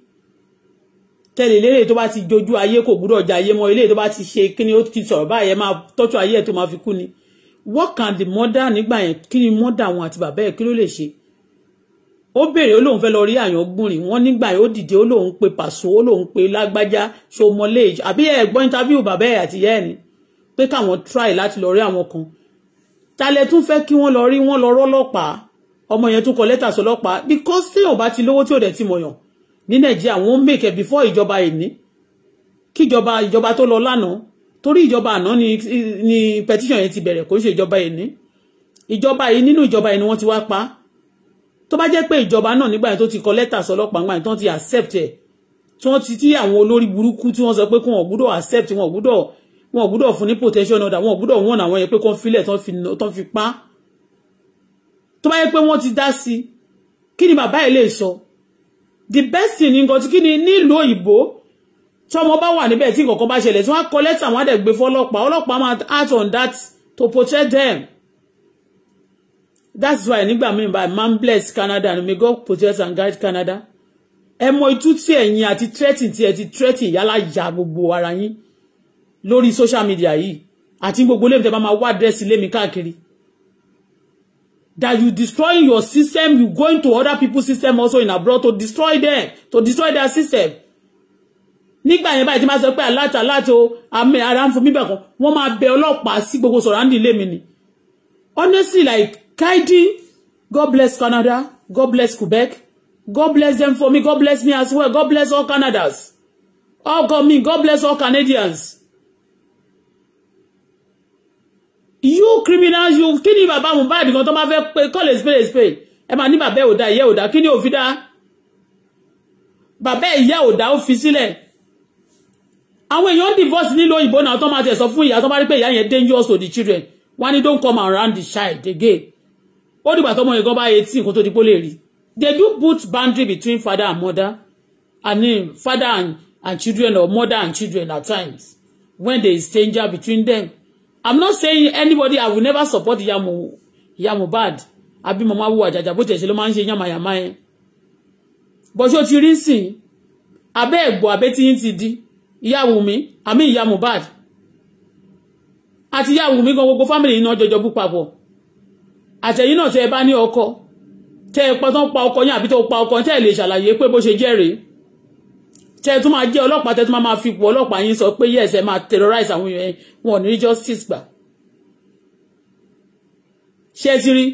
tẹ́lẹ̀ lélẹ̀ tó bá ti jojú ayé kò gbúdọ̀ ja ayé mọ́ ilé tó bá ti ṣe kí ni ó ti sọ̀rọ̀ báyẹn máa tọ́jú ayé ẹ̀ tó máa fi kú ni work and the mother nígbà yẹn kí ni mother wọn àti bàbá ẹ̀ kí ló lè ṣe ó béèrè ó lóun fẹ́ lọ rí àyàn gbùnrin wọn nígbà ó dìde ó lóun pe pàṣọ ó lóun pe lágbájá ṣo mọléèjì àbí ẹ̀gbọ́n interview bàbá ẹ̀ àti ìyá ẹ̀ ni pé káwọn try láti lọ rí àwọn kan talẹ̀ tún fẹ́ kí wọ́n lọ rí wọ́n lọ rọ́lọ́pàá ọmọ yẹn tún kọ lẹ́tà sọlọ́pàá because téèyàn bá ti lówó tí ò dẹ̀ ti mọ̀yàn ní nàìjíríà wọ́n make it before ìjọba èní kíjọba ìjọba tó lọ lánàá torí ìjọba àná ni ni petition yẹn ti bẹ̀rẹ̀ kò ń ṣe ìjọba èní ìjọba yìí nínú ìjọba yìí ni wọ́n ti wá pa á tó bá jẹ́ pé ìjọba náà nígbà yẹn tó ti kọ lẹ́tà sọlọ́pàá nígbà yẹn tó ti accept ẹ̀ tí wọ́n ti tí àwọn olórí burúkú tí wọ́n sọ pé wọ́n gbúdọ̀ accept wọ́n gbúdọ̀ wọ́n gbúdọ̀ fún ní protection order wọ́n gbúdọ̀ wọ́n àwọn yẹn pé kán filẹ̀ tán fi pa tó bá yẹ pé wọ́n ti dá sí kí ni bàbá ẹ̀ lè sọ the best thing nǹkan tí kí ni nílùú òyìnbó tí ọmọ bá wà níbẹ̀ tí nǹkan kan bá ṣẹlẹ̀ tí wọ́n á kọ lẹ́tà wọ́n á dẹ̀ gbé fọlọ́pàá ọlọ́pàá máa act on that to protect them that's why nígbà míì by man bless Canada and may God protect and guide Canada ẹ mọ itú tí ẹ̀yin àti threatin tí ẹ ti threatin yálà ya gbogbo ara yín lórí social media yìí àti gbogbo lèmi tẹ bá máa wá dẹ́sí lémi káàkiri that you destroying your system you going to other people's system also in abroad to destroy them to destroy their system nígbà yẹn báyìí tí máa sọ pé aláta aláta o àmì ara ń fún mi bẹ̀kan wọ́n máa bẹ ọlọ́pàá sí gbogbo sọ̀rọ̀ àǹdí ilé mi ni honestly like Kaidi, God bless Canada. God bless Quebec. God bless them for me. God bless me as well. God bless all Canadas. All God me. God bless all Canadians. You criminals, you kí ni bàbá Mohbad gan tó máa fẹ́ pé call a spade a spade. Ẹ máa ní bàbá ẹ̀ ò dá ìyá ò dá kí ni òfin dá? Bàbá ìyá ò dá ó fi sílẹ̀. Àwọn èèyàn divorce nílò òyìnbó náà tó máa tẹ̀ sọ fún ìyá tó bá rí pé ìyá yẹn dangerous to the children. Wọ́n ní don't come around the child again. What do tọ́mọ yẹn gan bá eighteen kó tó di they do put boundary between father and mother and then father and, and children or mother and children at times when there is danger between them I'm not saying anybody I will never support yamu yamu bad àbí mama wo àjàjà bó tiẹ̀ ṣe ló máa ń ṣe yàmàyàmá yẹn bọ́sọ́ ti rí sìn abẹ́ ẹ̀gbọ́ abẹ́ tí yín ti di yamu mi àmì ìyá Mohbad àti ìyàwó mi gan gbogbo fámìlì iná jọjọ bú àtẹ̀yìn náà tẹ́ ẹ bá ní ọkọ tẹ́ ẹ pa tán pa ọkọ yín àbí tó pa ọkọ tẹ́ ẹ lè ṣàlàyé pé bó ṣe jẹ́rìí tẹ́ ẹ tún máa jẹ́ ọlọ́pàá tẹ́ tún máa fi pò ọlọ́pàá yín sọ pé yẹ́sẹ̀ máa terrorize àwọn èèyàn wọn ní justice gbà. ṣé ẹ ti rí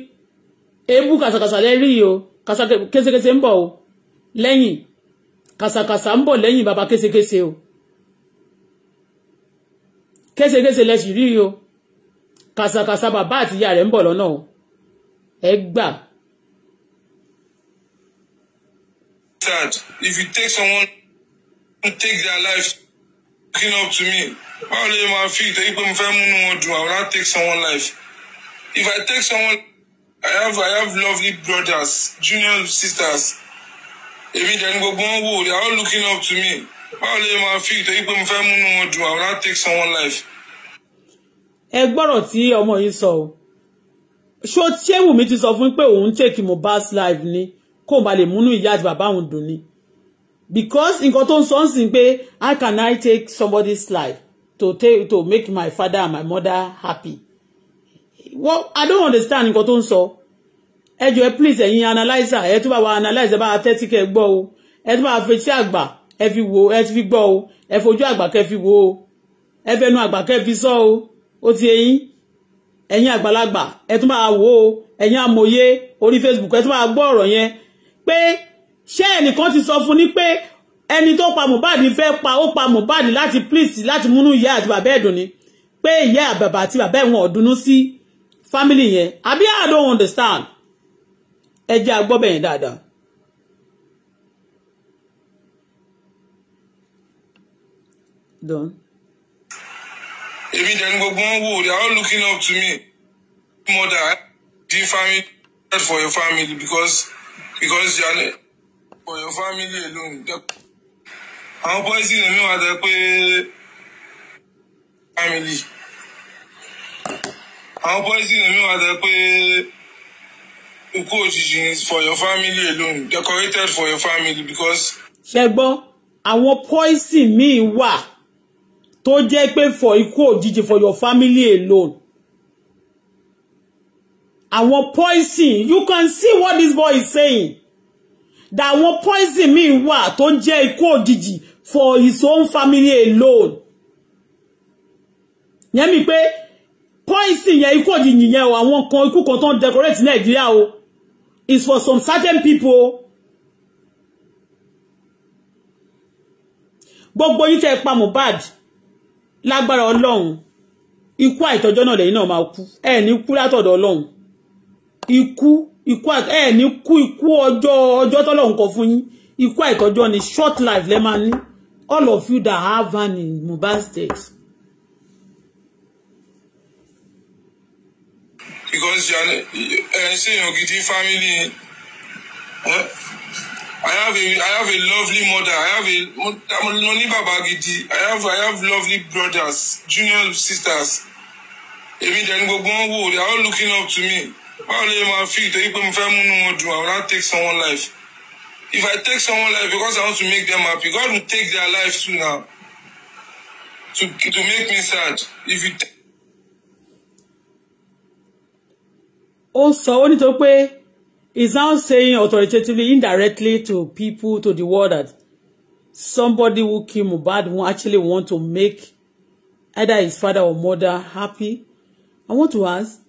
èébú kàṣàkàṣà lẹ́rí o kàṣàkàṣà ń bọ̀ o lẹ́yìn kàṣàkàṣà ń bọ̀ lẹ́yìn bàbá kéṣekéṣe o kéṣekéṣe lẹ́sìn rí o kàṣàkàṣà bàbá àtìyá rẹ̀ ń bọ̀ lọ́nà o. ẹ gbà. if you take someone take their life looking up to me báwo lè máa fi ìtẹ́jú pé mo fẹ́ múnú wọn dùn I will not take someone life if I take someone I have I have lovely brothers junior sisters èmi dẹni gbogbo wọn wò they are all looking up to me báwo lè máa fi ìtẹ́jú pé mo fẹ́ múnú wọn dùn I will not take someone life. ẹ gbọ́rọ̀ tí ọmọ yìí sọ o ṣó tí Wùmí ti sọ fún pé òun take Mohbad's life ni kóun ba lè múnú ìyá àti bàbá òun dùn ni because nǹkan tó ń sọ ń sìn pé how can I take somebody's life to take to make my father and my mother happy well I don't understand nǹkan tó ń sọ ẹ jọ̀ọ́ ẹ please ẹ̀yin analyzer ẹ tún bá wa analyzer bá wa tẹ́tí kẹ́ gbọ́ o ẹ tún bá wa fetí àgbà ẹ fi wò ẹ fi gbọ́ o ẹ fojú àgbà kẹ́ fi wò o ẹ fẹnu àgbà kẹ́ fi sọ o ó ti eyín ẹ̀yin àgbàlagbà ẹ tún máa wò ó ẹ̀yin orí Facebook ẹ tún máa gbọ́ ọ̀rọ̀ yẹn pé ṣé ẹnìkan ti sọ fún ni pé ẹni tó pa Mohbad fẹ́ pa ó pa Mohbad láti please láti múnú ìyá àti bàbá ẹ̀dùn ni pé ìyá àbàbà àti bàbá ẹ̀wọ̀n ọ̀dùnnú sí family yẹn àbí I don't understand ẹ jẹ́ agbọ́bẹ̀ yẹn dáadáa. Done èmi dẹni gbogbo wọn wò they are all looking up to me mother di family for your family because because you are for your family alone àwọn poison mi wà dé pé family àwọn poison mi wà dé pé ikú òjijì is for your family alone decorated for your family because. ṣẹ́gbọ́n àwọn poison míì wà tó jẹ́ pé for ikú òjijì for your family alone àwọn poison you can see what this boy is saying that àwọn poison míì wà tó jẹ́ ikú òjijì for his own family alone yẹn mi pé poison yẹn ikú òjijì yẹn o àwọn kan ikú kan tó decorate Nàìjíríà o is for some certain people. gbogbo yín tẹ́ pa Mohbad lágbára ọlọ́run ikú àìtọ́jọ́ náà lẹ́yìn náà máa kú ẹ ní kú látọ̀dọ̀ ọlọ́run ikú ikú ẹ ní kú ikú ọjọ́ ọjọ́ tọ́lọ́run kọ fún yín ikú àìtọ́jọ́ ni short life lẹ́ máa ní all of you that have an in Mohbad state. because eh, ẹ ń ṣèyàn gidi family eh? I have a I have a lovely mother. I have a mo ní bàbá gidi. I have I have lovely brothers, junior sisters. Èmi dẹni gbogbo wọn wò, they are all looking up to me. Báwo lè máa fi ìtọ́jú pé mo fẹ́ múnú wọn dùn? I will not take someone life. If I take someone life because I want to make them happy, God will take their life too now. To to make me sad. If you take. Ó sọ ó nítorí pé is now saying authoritatively, indirectly to people, to the world that somebody who kill Mohbad who actually want to make either his father or mother happy. I want to ask,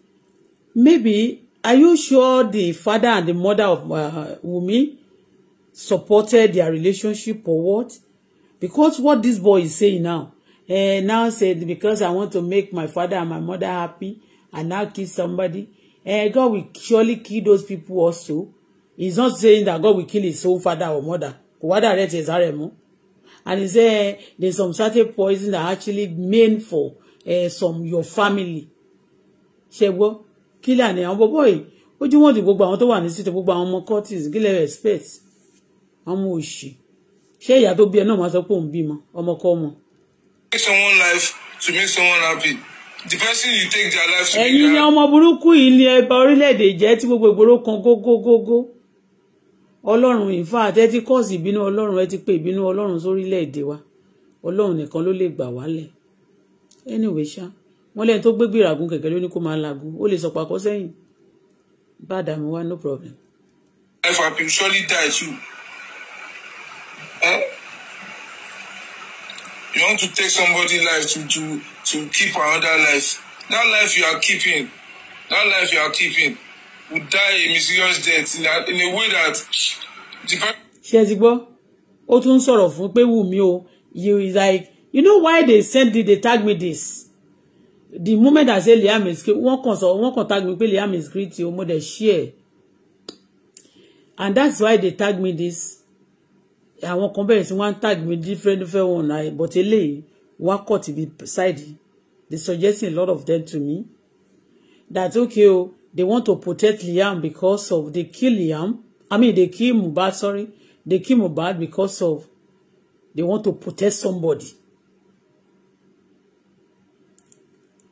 maybe are you sure the father and the mother of uh, Wunmi supported their relationship or what? Because what this boy is saying now, and eh, now said because I want to make my father and my mother happy, and now kill somebody Eh, God will surely kill those people also he's not saying that God will kill his own father or mother kò wá direct ẹ̀sà and he said there's some certain poison that actually meant for eh some your family ṣe gbọ́ kílà ni àwọn do? yìí want to ti gbogbo àwọn tó wà ní sítò gbogbo àwọn ọmọ Give gílẹ̀ respect I'm ọmọ òṣì ṣé ìyá tó bí no matter máa sọ pé òun bímọ ọmọkọ ọmọ. make someone life to make someone happy the person you take their life to be. ẹ̀yin ni ọmọ burúkú yìí ni ẹba orílẹ̀-èdè jẹ́ tí gbogbo ìgboro kan gógógógó ọlọ́run ìfà àtẹ́tí kọ́ọ̀sì ìbínú ọlọ́run ẹ ti ìbínú ọlọ́run sórílẹ̀-èdè wa ọlọ́run nìkan ló lè gbà wálẹ̀ anyway ṣá wọ́n lẹ́yìn tó gbégbé ìràgùn kẹ̀kẹ́ ló ní kó máa lagun ó lè sọ pàkọ́ sẹ́yìn bá dààmú wa no problem. if i been surely die too. Eh? You want to take somebody's life to do to keep another life. That life you are keeping, that life you are keeping will die a mysterious death in that, in a way that the ṣe ti gbọ́ ó tún sọ̀rọ̀ fún pé Wùmí o He is like you know why they send me they tag me this the moment I say Liam is wọ́n kàn sọ wọ́n kàn tag me pé Liam is greedy o mo dẹ̀ share and that's why they tag me this àwọn kan bẹ̀rẹ̀ sí wọ́n tag me different different one like but eléyìí wọ́n á kọ̀ tìbí side yìí they suggesting a lot of them to me that okay o oh, they want to protect Liam because of they kill Liam I mean they kill Mubad. sorry they kill Mubad because of they want to protect somebody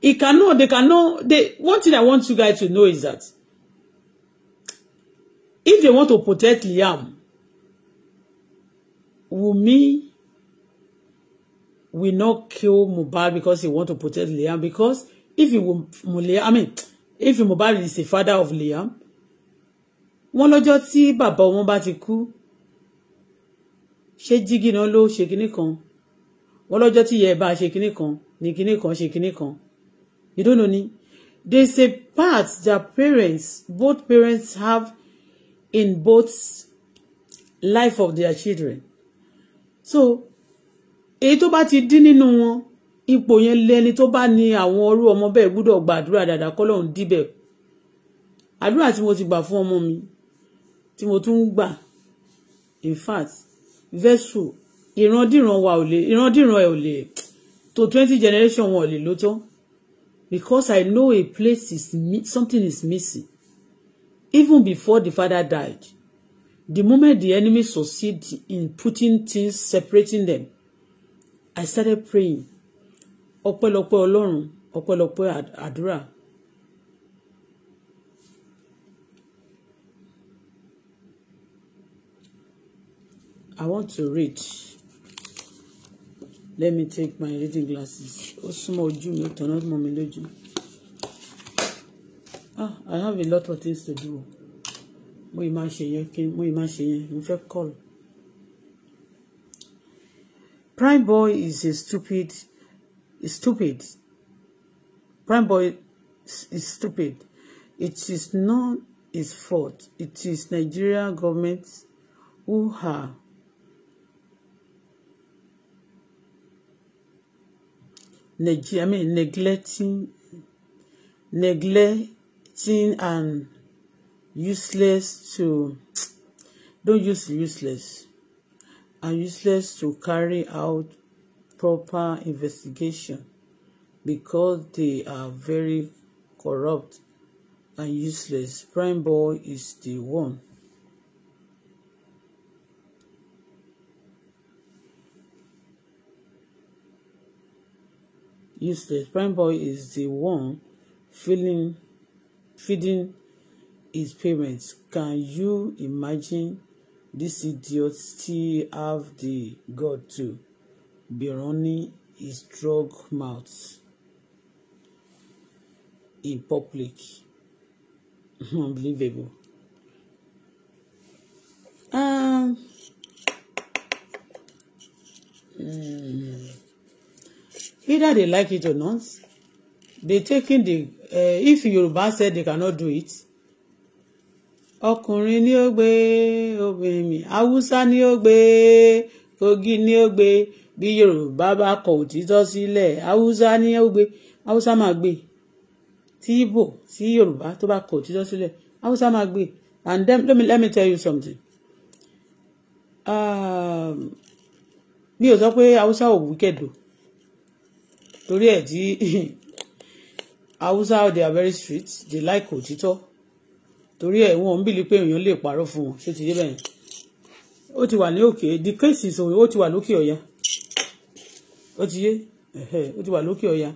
e cannot they cannot they one thing I want you guys to know is that if they want to protect Liam Wunmi will not kill Mohbad because he want to protect Liam because if he will I mean if Mohbad is the father of Liam one lọ́jọ́ tí bàbá wọn bá ti kú ṣé jígì náà ló ṣe kinní kan wọ́n lọ́jọ́ tí yẹ bá ṣe kinní kan ní she kan ṣe you don't know ni There's a part that parents both parents have in both life of their children so èyí tó bá ti dín nínú wọn ipò yẹn lẹni tó bá ní àwọn orú ọmọ bẹ́ẹ̀ gbúdọ̀ gba àdúrà dáadáa kọ́lọ́run díbẹ̀ àdúrà tí mo ti gbà fún ọmọ mi tí mo tún ń gbà in fact vessel ìrandíran wa ò lè ìrandíran ẹ ò lè to twenty generation wọn ò lè ló tán because I know a place is something is missing even before the father died the moment the enemy succeed in putting things separating them I started praying ọpẹ́lọpẹ́ Ọlọ́run ọpẹ́lọpẹ́ àdúrà. I want to read. Let me take my reading glasses. Ó súnmọ́ ojú mi, ó tọ̀nà mọ́ mi lójú. Ah, I have a lot of things to do. Mo ì máa ṣe yẹn mo ì máa ṣe yẹn, mo fẹ́ call. Prime Boy is a stupid, is stupid. Prime Boy is, stupid. It is not his fault. It is Nigeria government who have neg I mean, neglecting, neglecting and useless to, don't use useless are useless to carry out proper investigation because they are very corrupt and useless. Prime Boy is the one. Useless. Prime Boy is the one feeling, feeding his parents. Can you imagine These idiots still have the God to be running his drug mouth in public. [LAUGHS] Unbelievable. Um, mm, either they like it or not, they taking the uh, if Yoruba said they cannot do it, ọkùnrin ni ó gbé obìnrin mi haúsá ni ó gbé kogi ni ó gbé bí yorùbá bá kọ òtítọ́ sílẹ̀ haúsá ni ó gbé haúsá máa gbé tí ibo tí yorùbá tó bá kọ òtítọ́ sílẹ̀ haúsá máa gbé and then let me, let me tell you something um, mi ò sọ pé haúsá ò wíkẹ̀dù torí ẹ̀ tí [LAUGHS] haúsá they are very strict they like òtítọ́ torí ẹ̀ wọ́n ń bìlí pé èèyàn lè parọ́ fún wọn ṣé ti dé bẹ́ẹ̀ ó ti wà ní òkè the case is ó ti wà lókè ọ̀yà ó ti yé ó ti wà lókè ọ̀yà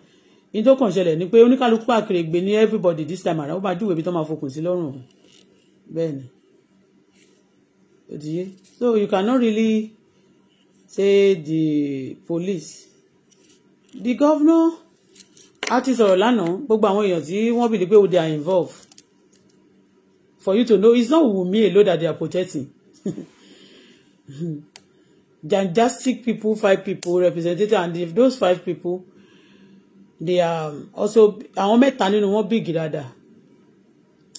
ní tó kàn ṣẹlẹ̀ ni pé oníkálukú àkèrègbè ní everybody this time around ó bá júwèé bí tó máa fokùn sí lọ́rùn bẹ́ẹ̀ ni ó ti yé so you cannot really say the police the governor a ti sọ̀rọ̀ lánàá gbogbo àwọn èèyàn tí wọ́n bìlí pé ó dey involved for you to know it's not Wunmi alone that they are protecting. Janjastic [LAUGHS] people, five people representative. and if those five people, they are um, also àwọn mẹ́ta nínú wọn big dada.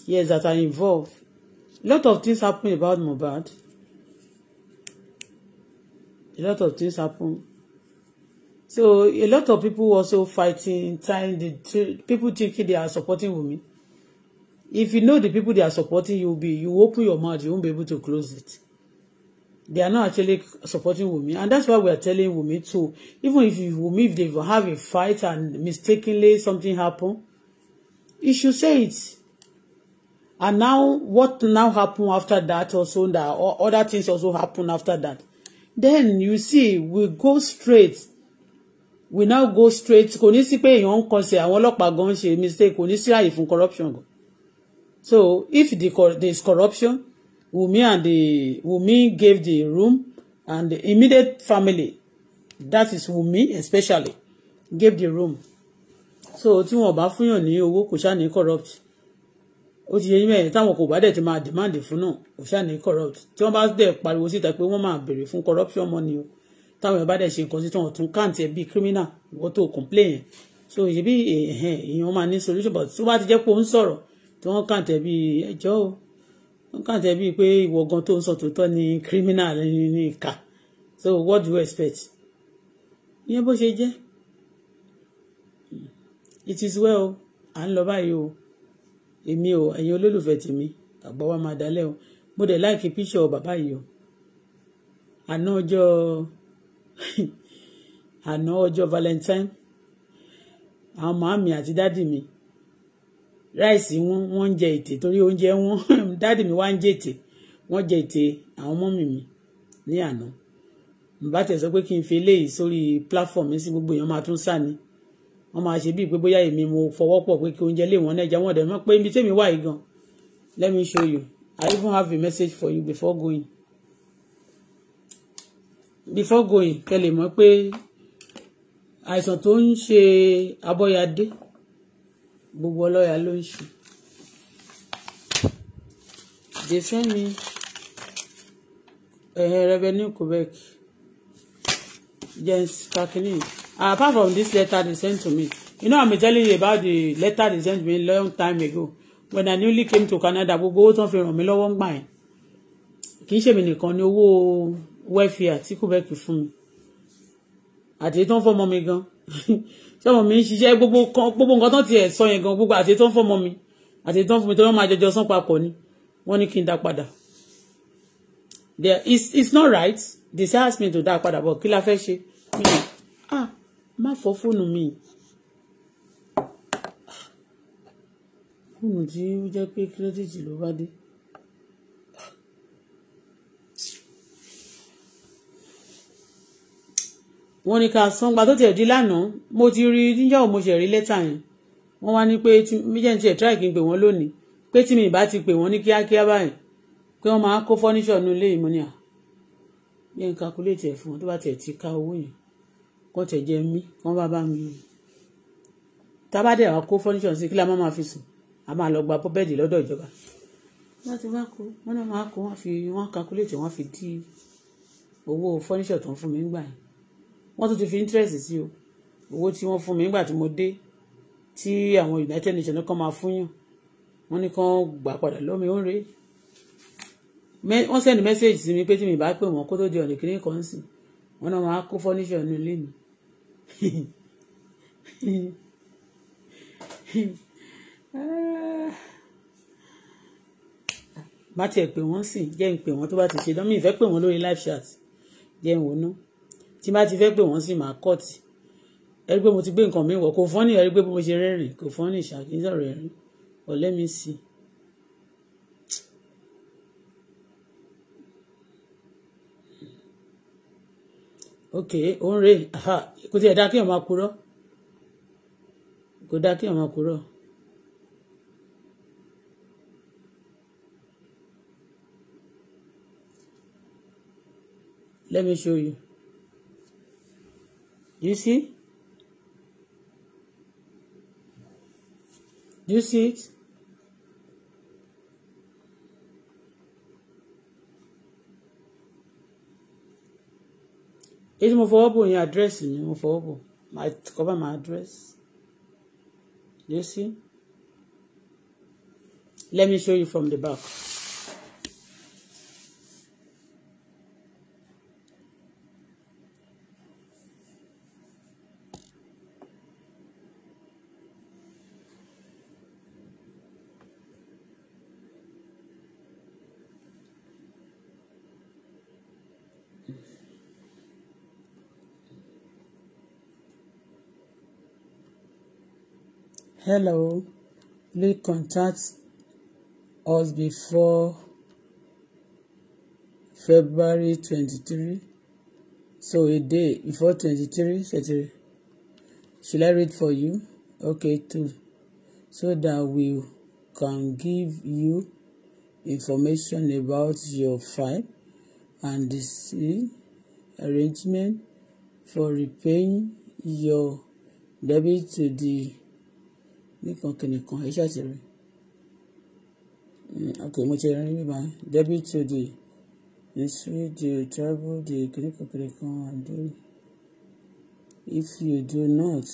Yes, that are involved. A lot of things happen about Mohbad. A lot of things happen. So a lot of people also fighting, trying the people thinking they are supporting women if you know the people they are supporting you be you open your mouth you won't be able to close it they are not actually supporting women, and that's why we are telling women to even if you if they have a fight and mistakenly something happen you should say it and now what now happen after that also that or other things also happen after that then you see we go straight we now go straight kò ní sí pé èèyàn ń kọsẹ̀ àwọn ọlọ́pàá gan ṣe mistake kò ní sí àyè fún corruption gan So if the is corruption, Wunmi and the Wunmi gave the room and the immediate family, that is Wunmi especially, gave the room. So tí wọn bá fúnyàn ní owó kò ṣáà ní corrupt ó ti yẹ yín mẹ́rin táwọn kò bá dẹ̀ ti máa demand fún náà kò ṣáà ní corrupt tí wọ́n bá dẹ̀ pariwo síta pé wọ́n máa béèrè fún corruption money o táwọn ẹ̀ bá dẹ̀ ṣe nǹkan sí tí wọ́n tún káàntì ẹ̀ bíi criminal wọ́n tó complain so ìyẹ́bí èèyàn máa ní solution but tó bá ti jẹ́ pé ó ń sọ̀rọ̀ tí wọ́n kàn tẹ̀ bí ẹjọ́ o wọ́n kàn tẹ̀ bí pé ìwọ gan tó ń sọ tòótọ́ ni criminal ni ní ìka so what do you expect ìyẹn bó ṣe jẹ́ it is well à ń lọ báyìí o èmi o ẹ̀yin olólùfẹ́ tèmi àgbà wa máa dalẹ̀ o mo dẹ̀ láìkí píṣọ̀ bàbá yìí o àná ọjọ́ [LAUGHS] àná ọjọ́ valentine àwọn màámi àti dádì mi ráìsì wọn wọ́n ń jẹ ètè torí oúnjẹ wọn [LAUGHS] dáàdì mi wá ń jẹ ètè wọ́n jẹ ètè àwọn mọ́mì mi ní àná bá tẹ̀ sọ pé kí n fi eléyìí sórí platform mi sí gbogbo èèyàn máa tún sá ni wọ́n máa ṣe bíi pé bóyá èmi mo fọwọ́ pọ̀ pé kí oúnjẹ lè wọ́n nẹ́jà wọ́n dẹ̀ mọ́ pé ibi tèmi wà yìí gan let me show you I even have a message for you before going before going kẹ́ lè mọ̀ pé àìsàn tó ń ṣe abọ́yadé gbogbo ọlọ́yà ló ń ṣù Ìdèfẹ́mi ẹ̀hẹ́ revenue Quebec James kakini ah, apart from this letter they sent to me you know i'm telling you about the letter they sent me long time ago when i newly came to Canada gbogbo owó tán fi ràn mí lọ́wọ́ ń gbà yẹn kì í ṣèmi nìkan ni owó welfare tí Quebec fún mi àti tó ń fọmọ mi gan [LAUGHS] sọmọ mi ń ṣiṣẹ́ gbogbo nǹkan tán ti ẹ̀ sọ yẹn gan gbogbo àti tó fọmọ mi àti tó fún mi tó ń máa jọjọ sán papọ̀ ni wọ́n ní kí n dá padà there is it's not right they say ask me to dá padà bọ̀ kí la fẹ́ ṣe mi ni ah má fọ fóònù mi ah, fóònù tí ó jẹ́ pé kírẹ́dìtì ló bá dé. wọ́n ní ká san gba tó tiẹ̀ di lánàá mo ti rí níjọ́ mo ṣe rí lẹ́tà yẹn wọ́n wá ní pé méjèèjì tiẹ̀ tíráì kí n pè wọ́n lónìí pé tí mi ì bá ti pè wọ́n ní kíákíá báyìí pé wọ́n máa kó fọ́níṣọ̀ nu ilé ìmọ̀ ni à bí n kakuléètì ẹ̀ fún wọn tó bá tiẹ̀ ti ka owó yẹn kọ́ tẹ̀ jẹ mí wọ́n bá bá mi yìí tábà dẹ̀ kó fọ́níṣọ̀ sí kí la má máa fi sùn a máa lọ gba bọ́bẹ́ẹ̀dì lọ́dọ̀ ìjọba wọ́n ti wá kó wọ́n náà máa kó wọ́n fi wọ́n wọ́n tún ti fi interest sí o owó tí wọ́n fún mi nígbà tí mo dé tí àwọn United Nations kan máa fún yàn wọ́n ní kán gbà padà lọ́mi ó ń re wọ́n send message sí mi pé tí mi bá pè wọ́n kó tó di ọ̀nà kìíní kan sí wọ́n náà máa kó furniture nínú ilé mi má tiẹ̀ pè wọ́n sì jẹ́ ń pè wọ́n tó bá ti ṣe dán mi ìfẹ́ pè wọ́n lórí live chat jẹ́ ń wọnú. No? tí má ti fẹ́ pé wọ́n sì máa kọ́ọ̀tì ẹ̀rí pé mo ti gbé nǹkan mi wọ̀ kò fọ́nì ẹ̀rí pé mo ṣe rẹ́rìn kò fọ́nì ṣàkíyèsọ̀ rẹ̀ rí but let me see. ok òun rè kò tiẹ̀ dá kí ọ̀ máa kúrò kò dá kí ọ̀ máa Let me show you you see you see it It's tí mo fọwọ́ bò yẹn àdírẹ́sì mi mo fọwọ́ bò cover my address you see let me show you from the back. hello please contact us before February twenty-three so a day before twenty-three thirty should I read for you okay too so that we can give you information about your file and the arrangement for repaying your debit to the nìkan kìnìkan ẹ ṣáà ti rí hmm, ok mo ti rí nígbà debit to the history the travel the kìnìkan kìnìkan and the if you do not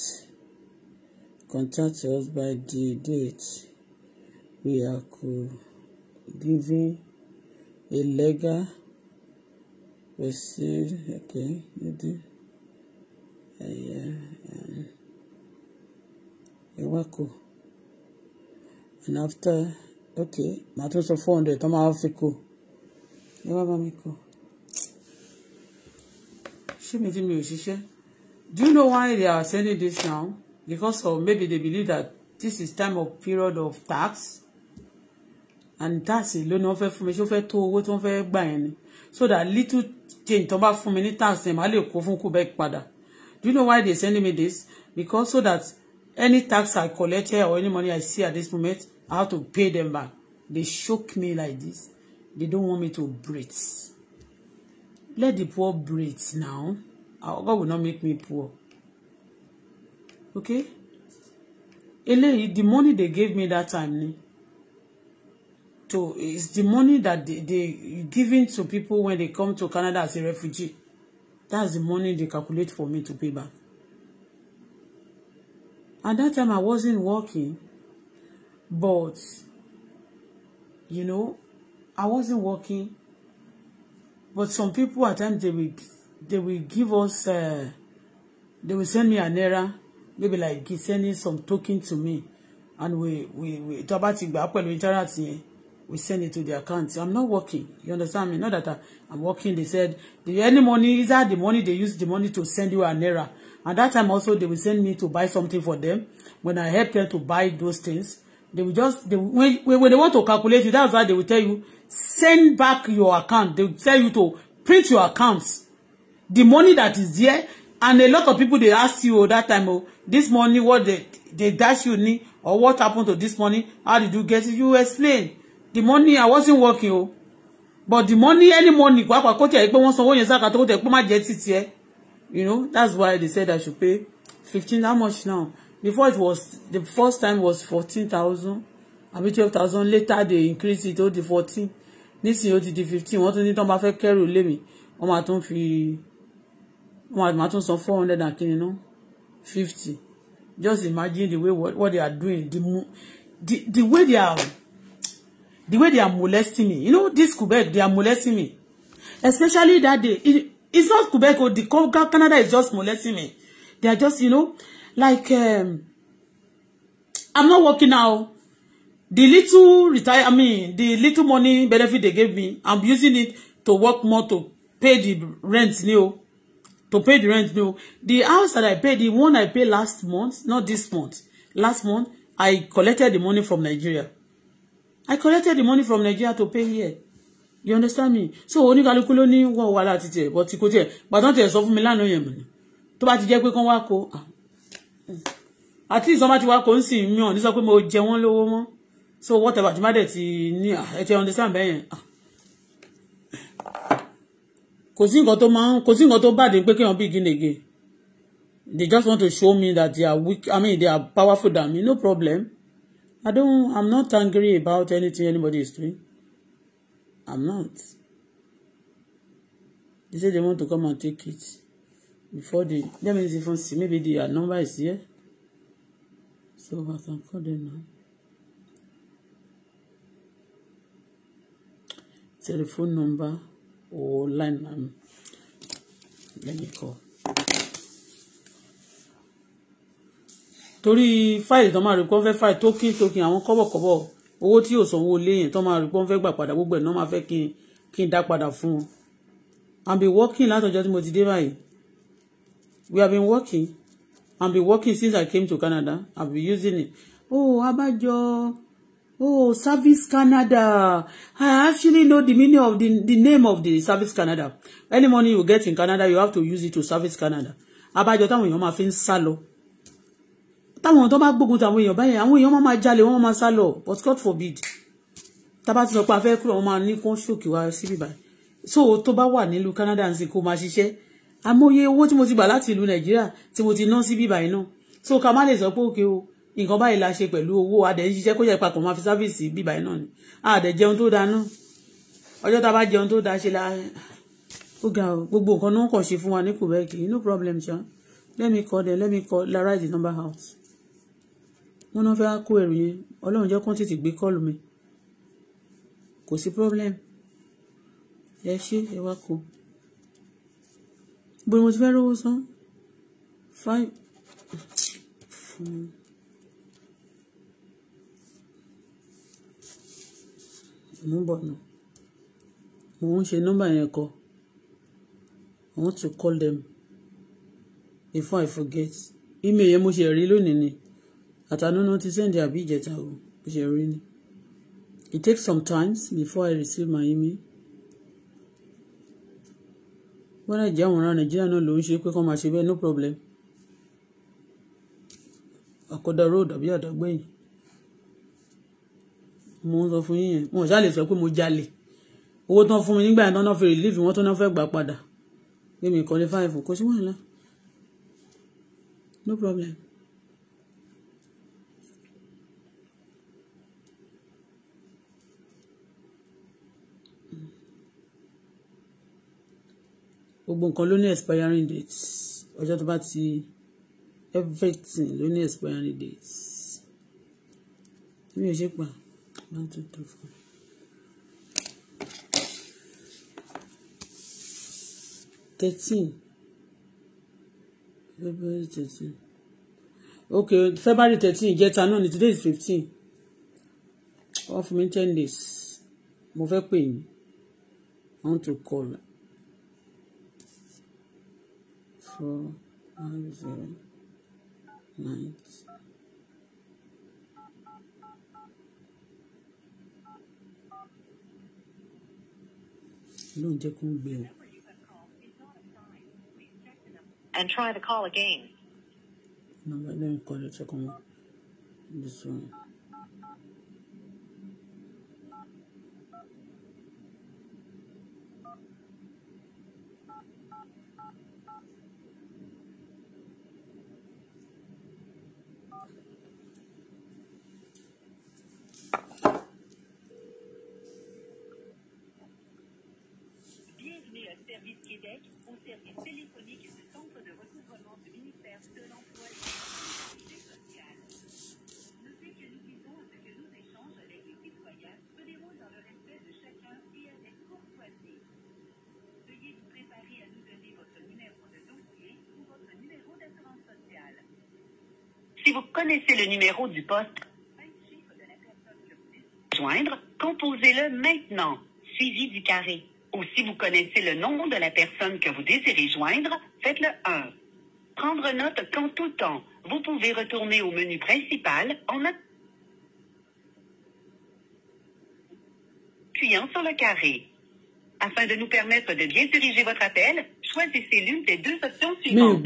contact us by the date we are giving a legal receipt okay you do uh, yeah, um, ẹ wá kò and after okay màá tún sọ four hundred tó máa fi kó ẹ wá bá mi kó ṣé mi tí mi ò ṣiṣẹ́ do you know why they are sending this now because of maybe they believe that this is time of period of tax and tax ló ní wọ́n fẹ́ fún mi ṣé ó fẹ́ tó owó tí wọ́n fẹ́ gbà yẹn ni so that little change tó bá fún mi ní tax yẹn màá lè kó fún Quebec padà do you know why they sending me this because so that any tax I collect here or any money I see at this moment How to pay them back. They shook me like this. They don't want me to breathe. Let the poor breathe now. God will not make me poor. Okay? Eléyìí, the money they gave me that time, to it's the money that they, they giving to people when they come to Canada as a refugee. That's the money they calculate for me to pay back. At that time, I wasn't working. But, you know, I wasn't working. But some people at times they will they will give us uh, they will send me an error, maybe like sending some token to me and we we we tó bá ti gbà pẹ̀lú we send it to their account i'm not working you understand me not that i'm working they said the any money is that the money they use the money to send you an error At that time also they will send me to buy something for them when i help them to buy those things they will just they will, when, when they want to calculate you that's why they will tell you send back your account they will tell you to print your accounts the money that is there and a lot of people they ask you oh, that time oh this money what they they dash you need or what happened to this money how did you get it you explain the money I wasn't working oh but the money any money you know that's why they said I should pay fifteen how much now before it was the first time was fourteen thousand àbí twelve thousand later they increase it to the fourteen nísìnyí ó ti di fifteen wọ́n tún ní tán bá fẹ́ kẹ́rù lé mi wọ́n máa tún fi wọ́n máa tún san four hundred and kìnìún náà fifty just imagine the way what, what they are doing the, the the way they are the way they are molesting me you know this Quebec they are molesting me especially that day it, it's not Quebec o oh, the Canada is just molesting me they are just you know like um, I'm not working now. The little retire, I mean, the little money benefit they gave me, I'm using it to work more to pay the rent new, to pay the rent new. The house that I paid, the one I paid last month, not this month, last month, I collected the money from Nigeria. I collected the money from Nigeria to pay here. You understand me? So oníkálukú ló ní wọ́n wà láti tiẹ̀ But ti kó tiẹ̀ gbàdán tiẹ̀ sọ fún mi lánàá yẹn mọ̀ ni tó bá ti jẹ́ pé kán wá kó ah at least wọ́n bá ti wá kó ń sìn mí ọ̀ ní sọ pé mo jẹ wọ́n lówó mọ́ so whatever tí má dẹ̀ ti ní ẹ ti understand bẹ́ẹ̀ yẹn kò sí nǹkan tó máa ń kò sí nǹkan tó bàdé pé kéèyàn bí gínege they just want to show me that they are weak I mean they are powerful than me no problem I don't I'm not angry about anything anybody is doing I'm not they say they want to come and take it before the that means if see maybe their uh, number is here so I can call them now telephone number or line um, let me call torí fáìlì tó máa rí pọ́n fẹ́ fáìlì tókìn tókìn àwọn kọ́bọ̀kọ́bọ̀ owó tí yóò sanwó léyìn tó máa rí pọ́n fẹ́ gbà padà gbogbo ẹ̀ náà máa fẹ́ kí n dá padà fún wọn. àbí wọ́kìn látọjọ́ tí mo ti dé báyìí we have been working I've been working since I came to Canada I've been using it oh abájọ oh Service Canada I actually know the meaning of the the name of the Service Canada any money you get in Canada you have to use it to Service Canada abájọ táwọn èèyàn máa fi ń sá lọ táwọn tó bá gbógun táwọn èèyàn báyìí àwọn èèyàn máa máa jalè wọn máa sá lọ but God forbid tábà ti sọ pé afẹ́ kúrò wọn máa ní kó ṣòkè wá síbí báyìí so tó bá wà nílùú Canada nsìn kó máa ṣiṣẹ́ amóye owó tí mo ti gbà láti ìlú nàìjíríà tí mo ti ná sí bíbá iná so ká má lè sọ pé òkè o nǹkan báyìí la ṣe pẹ̀lú owó adẹ̀ ń ṣiṣẹ́ kó yẹ papọ̀ máa fi sáfíìsì bíbá iná ni adẹ̀ jẹun tó da náà ọjọ́ tá a bá jẹun tó da ṣe la ó ga o gbogbo nǹkan náà kàn ṣe fún wa ní Quebec no problem ṣá let me call them let me call la write the number house, wọn náà fẹ́ kó ẹrù yẹn ọlọ́run jẹ́ kó tètè gbé kọ́ọ̀lù mi kò sí problem ẹ ṣe ẹ wá kó o bó mo ti fẹ́ rówó san five fún mi. mo ń bọ̀ nù ṣe nọ́mbà yẹn kọ I want to call them before I forget email yẹn mo ṣe rí lónìí ni àtànúnú ti send e àbí ìjẹta o mo ṣe rí ni it takes some times before I receive my email bọ́dà jẹ́ àwọn ará nàìjíríà náà ló ń ṣe pé kọ́ máa ṣe bẹ́ẹ̀ no problem àkọ́dá road àbí àdágbẹ́yìn mo ń sọ fún yín yẹn wọn ò ṣáà lè sọ pé mo jalè owó tán fún mi nígbà yẹn tán fi relief wọn tán fẹ́ gbà padà gbé mi kọ́lé fáìfù kò sí wàhálà no problem. gbogbo nǹkan ló ní expiring date ọjọ́ tó bá ti everything ló ní expiring date mi ò ṣe pa one two three four. thirteen February thirteen okay February thirteen ìjẹta náà ni today is fifteen wọ́n fún mi ten days mo fẹ́ pè yín I want to call. four R zero night. No ń jẹ́ kó and try to call again. Let me call ló tẹ́kọ̀ọ́ mọ́ this one. au service téléphonique du Centre de recouvrement du ministère de l'Emploi et de la sociale. Notez que nous vivons ce que nous échanges avec les citoyens se déroule dans le respect de chacun et avec courtoisie. Veuillez vous préparer à nous donner votre numéro de dossier ou votre numéro d'assurance sociale. Si vous connaissez le numéro du poste, de la personne que vous... joindre, composez-le maintenant, suivi du carré. Ou si vous connaissez le nom de la personne que vous désirez joindre, faites le 1. Prendre note qu'en tout temps, vous pouvez retourner au menu principal en appuyant sur le carré. Afin de nous permettre de bien diriger votre appel, Choisissez l'une des deux options suivantes.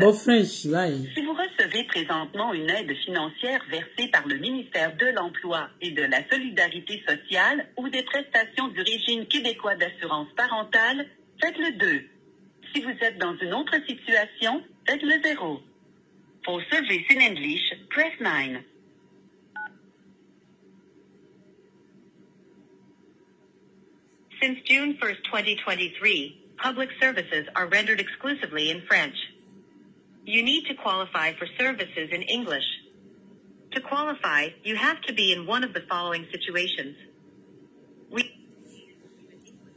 Si vous recevez présentement une aide financière versée par le ministère de l'Emploi et de la Solidarité sociale ou des prestations du régime québécois d'assurance parentale, faites le 2. Si vous êtes dans une autre situation, faites le 0. Pour service in English, press 9. Since June 1, 2023, public services are rendered exclusively in French. You need to qualify for services in English. To qualify, you have to be in one of the following situations. We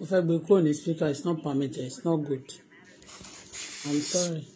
if I go on speaker, it's not permitted. It's not good. I'm sorry.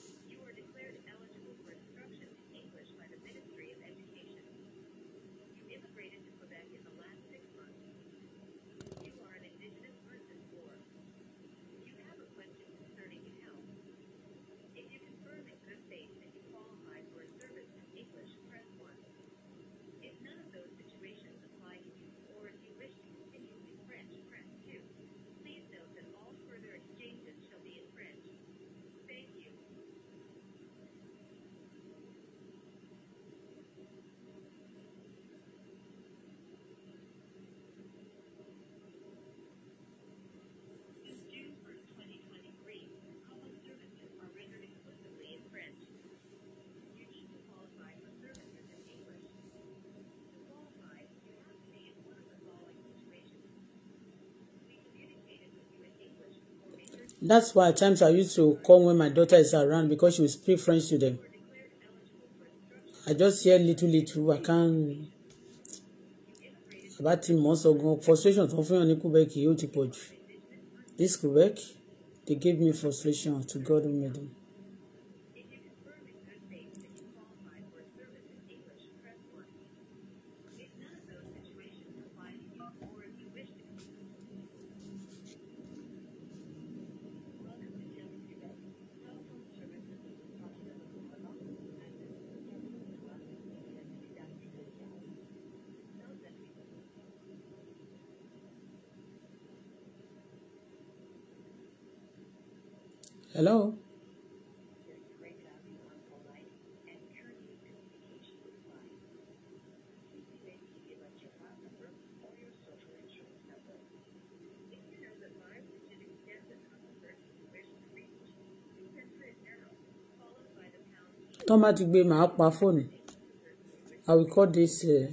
That's why at times I used to come when my daughter is around because she will speak French to them. I just hear little little. I can't. About ti months ago, frustration tó ń fún yàn ní Quebec yìí ó ti pọ̀ jù. This Quebec, they gave me frustration to God who made them. Hello? tọ́ bá ti gbé màá pa fóònù I will call this. Uh,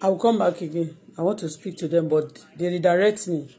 I will come back again. I want to speak to them, but they redirect me.